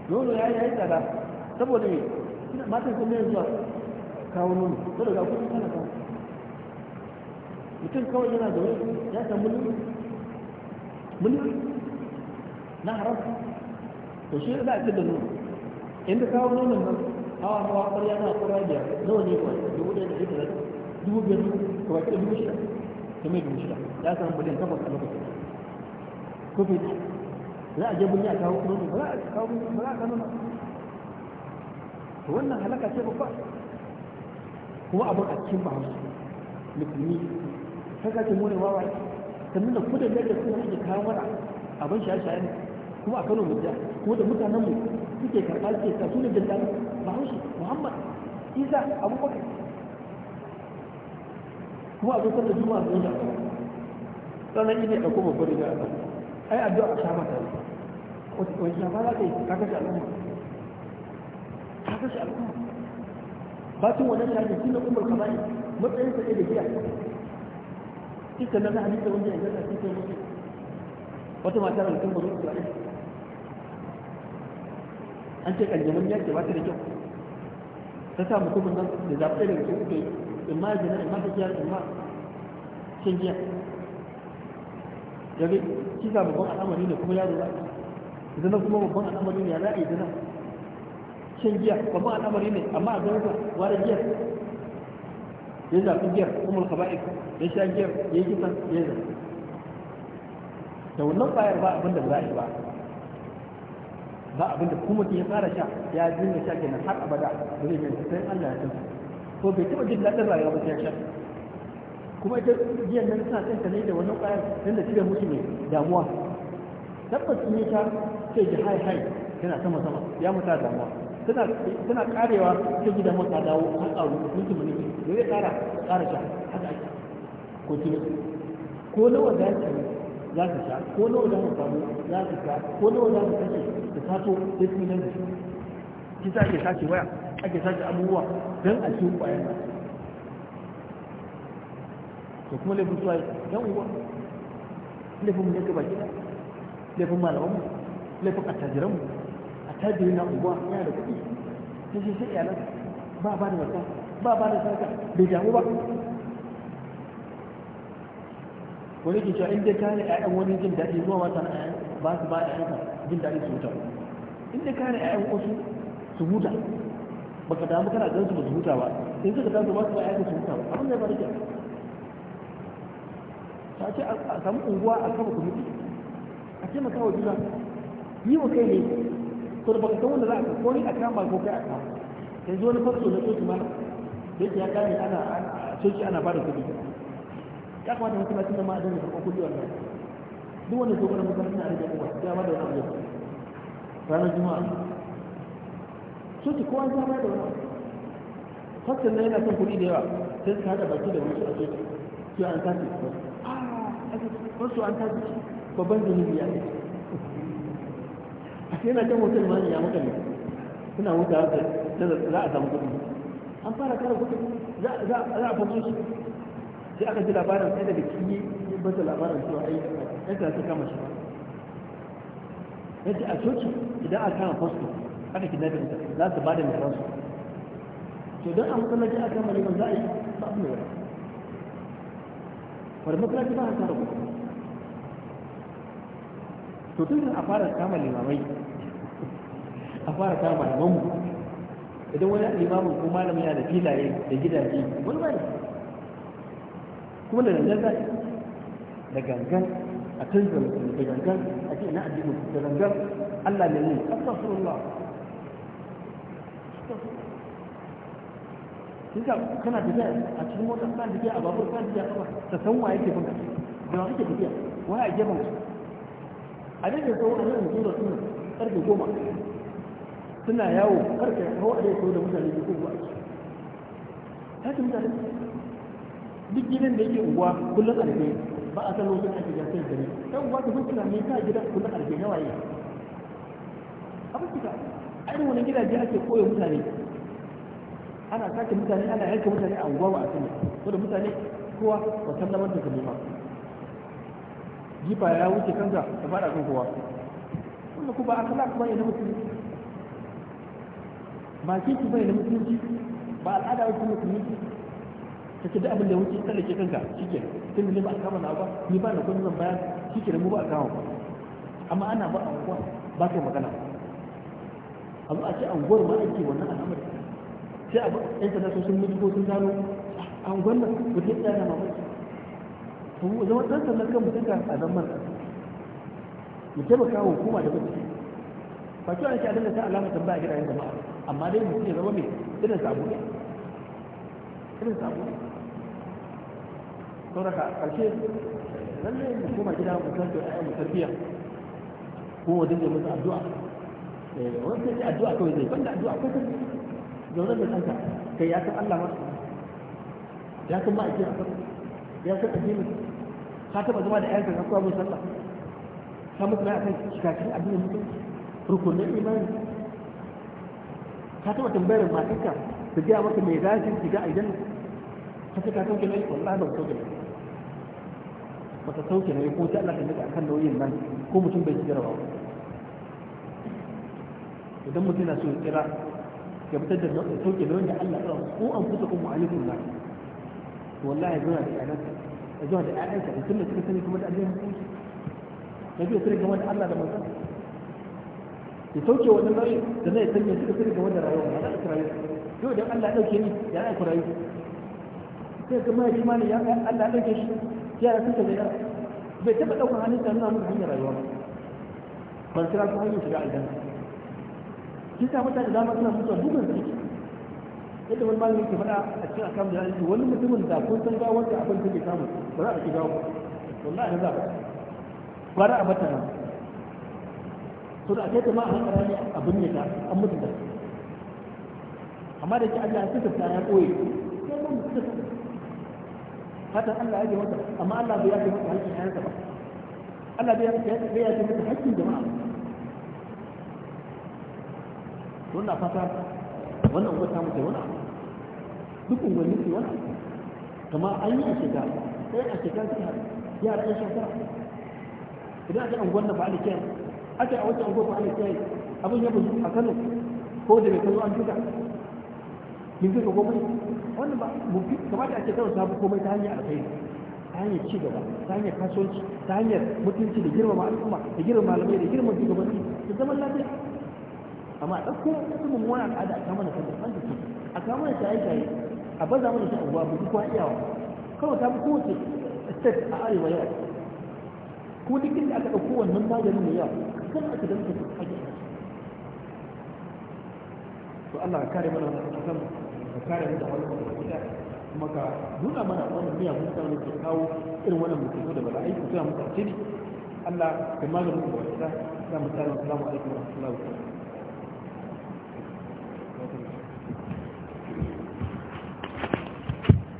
nono ya yi tsada saboda ne matan sun ne zuwa kawo nono saboda ga kuma kana kawo mutum kawai yana da wani ya samu mulki mulki na haram to shi za a ci da nuna inda kawo nonon nan hawa hawa ƙarya na ƙura biyar nawa ne kuwa dubu ɗaya da ɗaya da dubu biyar ko ba ta dubu shida ta mai dubu shida ya samu miliyan takwas a lokacin ko fi za a je bulli a kawo nonon ba za a kawo ba za a kawo nonon to wannan halaka ce babba kuma abin a cikin bahaushe musulmi kaga ta mune wawa sannan da kudin da suna ake kawo mara abin shaye-shaye ne kuma a kano mu ko kuma da mutanen mu suke karɓa suke sa su ne bahaushe muhammad isa abubakar kuma a zokar da juma'a su ne sannan ina ɗauko babbar riga da ai addu'a a sha mata wani shafa za ta yi ka kashe al'umma ka kashe al'umma bacin wannan shafi shi na umar kama'i matsayin sa ɗaya da biya Kisa na na halitta wanda ya a cikin mutu wata mata da mutum ba zuwa ba an ce kanjamin ya ce ba ta da kyau ta sa mutumin nan da zaɓe da cikin uku in ma jina in ma ta kiyar in ma shan giya yabe kisa babban al'amari ne kuma yaro ba zana kuma babban al'amari ne ya a yi zana shan giya babban al'amari ne amma a zama ba ware giyar ya zafi giyar umar kaba'ir ya sha giyar ya yi kisan ya zafi da wannan bayar ba abinda ba za a yi ba ba abinda kuma ke fara sha ya dinga sha kenan har abada da zai gani sai Allah ya tafi. ko bai taba jin daɗin rayuwa ba sai sha kuma ita jiyar nan sa kanta ne da wannan bayar nan da cire musu ne damuwa tabbas in ya sha sai ji hai hai tana sama sama ya mutu damuwa tana tana karewa ta gidan mata dawo a rubutu mutum ne me zai kara kara sha haka ake ko kilo ko nawa za ka za ka sha ko nawa za ka samu za ka sha ko nawa za ka kashe ka sato sai kuma nan shi sa ake sace waya ake sace abubuwa don a cikin kwayar ba to kuma laifin suwaye yan uwa laifin mu ne gaba gida laifin malamanmu laifin attajiranmu attajirin na unguwa yana da kuɗi sai sai iyalan ba ba da wata ba ba da sarka bai damu ba wani ke cewa inda kare ƴaƴan wani jin daɗi zuwa wata na ƴaƴan ba su ba ƴaƴanka jin daɗi su huta inda kare ƴaƴan wasu su huta baka damu kana ganin su ba su huta ba in suka taso ba su ba ƴaƴanka su huta ba abin da ba rike ta ce a samu unguwa a kama kwamiti a taimaka wa juna yi wa kai ne to da baka san wanda za a ko ni a kama ko kai a kama yanzu wani farko na tsoki mana da yake ya kare ana a coci ana fara kudi kuɗi ya kamata mutum lafiya ma a da karɓar kudi wannan duk wanda zo mana mutane na rage kuma ya ma da wani abu ranar juma'a coci kowa ya ba da wani abu na yana son kuɗi da yawa sai suka haɗa baki da wasu a coci su an tafi ah, wasu an tafi babban jini ya ne a sai yana can hotel ma ya mutane suna wuta haka za a samu kuɗi an fara kara kudi za a famo shi sai aka ji labarin sai daga kiyi yin bata labarin cewa ai yan ta kama shi yace a coci idan a kama fasto aka kidna da mutane za su bada mai ransu to don a ji a kama neman za a yi ba abu ne wani wani masallaci ba a kara kudi to tun a fara kama limamai a fara kama limamai idan wani limamin ko malamin yana da filaye da gidaje wani ba ne kuma da gangan za da gangan a canza mutum da gangan a ce ina addini da gangan Allah ne ne astaghfirullah kinka kana tafiya a cikin motar kan tafiya a babur kan tafiya kuma ta san waye yake bunka da wani ke tafiya wani a gefen a dai da sauran nan zuwa sunan karfe goma suna yawo karka hau a yau da mutane da ake a ce mutane duk gidan da yake unguwa kullum arfe ba a san lokacin ake gasar da ne ta kuma ta fuskina ne ta gida kullum arfe na waye a ka a irin wani gidaje ake koya mutane ana sake mutane ana yanka mutane a unguwa ba a sani da mutane kowa ba san zaman ta zama ba jifa ya wuce kansa ta fada kan kowa wannan kuma akhlaq ba ya da mutum bakin ku bai da mutunci ba al'ada wacce musulmi ta ce duk abin da wuce tsallake kanka shike tun ne ba a kama na ba ni ba da kudin zan bayar shike da mu ba a kama ba amma ana ba a unguwa ba ta magana a zo a ce gwar ma ake wannan al'amari sai abu ɗan sanda sun sun mutu ko sun gano a unguwar nan mutum ya tsaya na mamaki to zama ɗan sanda kan mutum ka a zan man mu taimaka wa hukuma da mutum ba kyau an ce a dinga sa alamar tambaya gidajen jama'a amma dai mutum ya zama mai irin sabu ne irin sabu ne sauraka karshe lalle mu koma gida mu san da ayyukan tarbiyya ko wajen da musu addu'a eh, wannan ne addu'a kawai zai banda addu'a ko ta zaune da kanka kai ya san Allah ma ya san kan ya san addini ka taba zama da ayyukan ka kuma mun sallah ka mutu na akan shikakar addinin mutum rukunin imani ka taɓa tambayar matarka ta gaya maka mai zafin shiga a idan ta ce ka sauke nauyi wallahi ba ka sauke ba ta sauke nauyi ko ta Allah ta kan nauyin nan ko mutum bai shigar ba idan mutum na so ya kira ya fitar da sauke na da Allah ya ko an kusa kuma alaikum na wallahi zuwa da ƴaƴansa zuwa da ƴaƴansa da da suka sani kuma da Allah ya hukunci na biyu sai gama da Allah da manzon ya sauke wannan nauyin da zai sanya suka fi ga wannan rayuwa za za'a rayu yau idan Allah ɗauke ni ya za'a rayu sai kuma ya kima ne ya Allah ɗauke shi ya yara suka zai yara bai taɓa ɗaukar hannun sa nuna mutu hanyar rayuwa ba ban kira su hanyar shiga aljanna shi ta mutane dama suna mutuwa bugun su yadda wani malami ke faɗa a cikin akamu da yanzu wani mutumin da kun san gawar da abin da ke samu ba za a ci gawa ba wallahi na za a za a bata nan to da kai jama'a haka rani abin ne ta an mutu da amma da ke Allah ya sifirta ya koyi sai mun sifirta Allah ya ji masa amma Allah bai yafe masa hakkin ayansa ba Allah bai yafe masa hakkin jama'a to na fata wannan uwa ta mutu wani duk ungwanni su wannan. kama an yi a shiga sai a shiga su yara yan shafara. idan aka ba a da kyan aka a wata anguwa ko ana kiyaye abin ya buzu a Kano ko da bai kazo an duka kin duka komai wannan ba mu kamata a ce kawo sabu komai ta hanyar alkhairi ta hanyar ci gaba ta hanyar kasuwanci ta hanyar mutunci da girmama al'umma da girmama malamai da girmama shugabanni da zaman lafiya amma ɗauko su mummuna al'ada a kama da kanta an jiki a kama da ta shaye a baza mana shi abuwa buku kuma iyawa kawai ta fi kowace state a arewa yau ko duk inda aka ɗauko wannan maganin da yawa kan aka danta to Allah ka kare mana wannan kitan ka kare mu da wannan kitan kuma ka nuna mana wannan miya mun ne ke kawo irin wannan mutum da bala'i ku tura mu tsarki Allah ka maganin da wata da mu tsara assalamu alaikum wa rahmatullahi wa barakatuh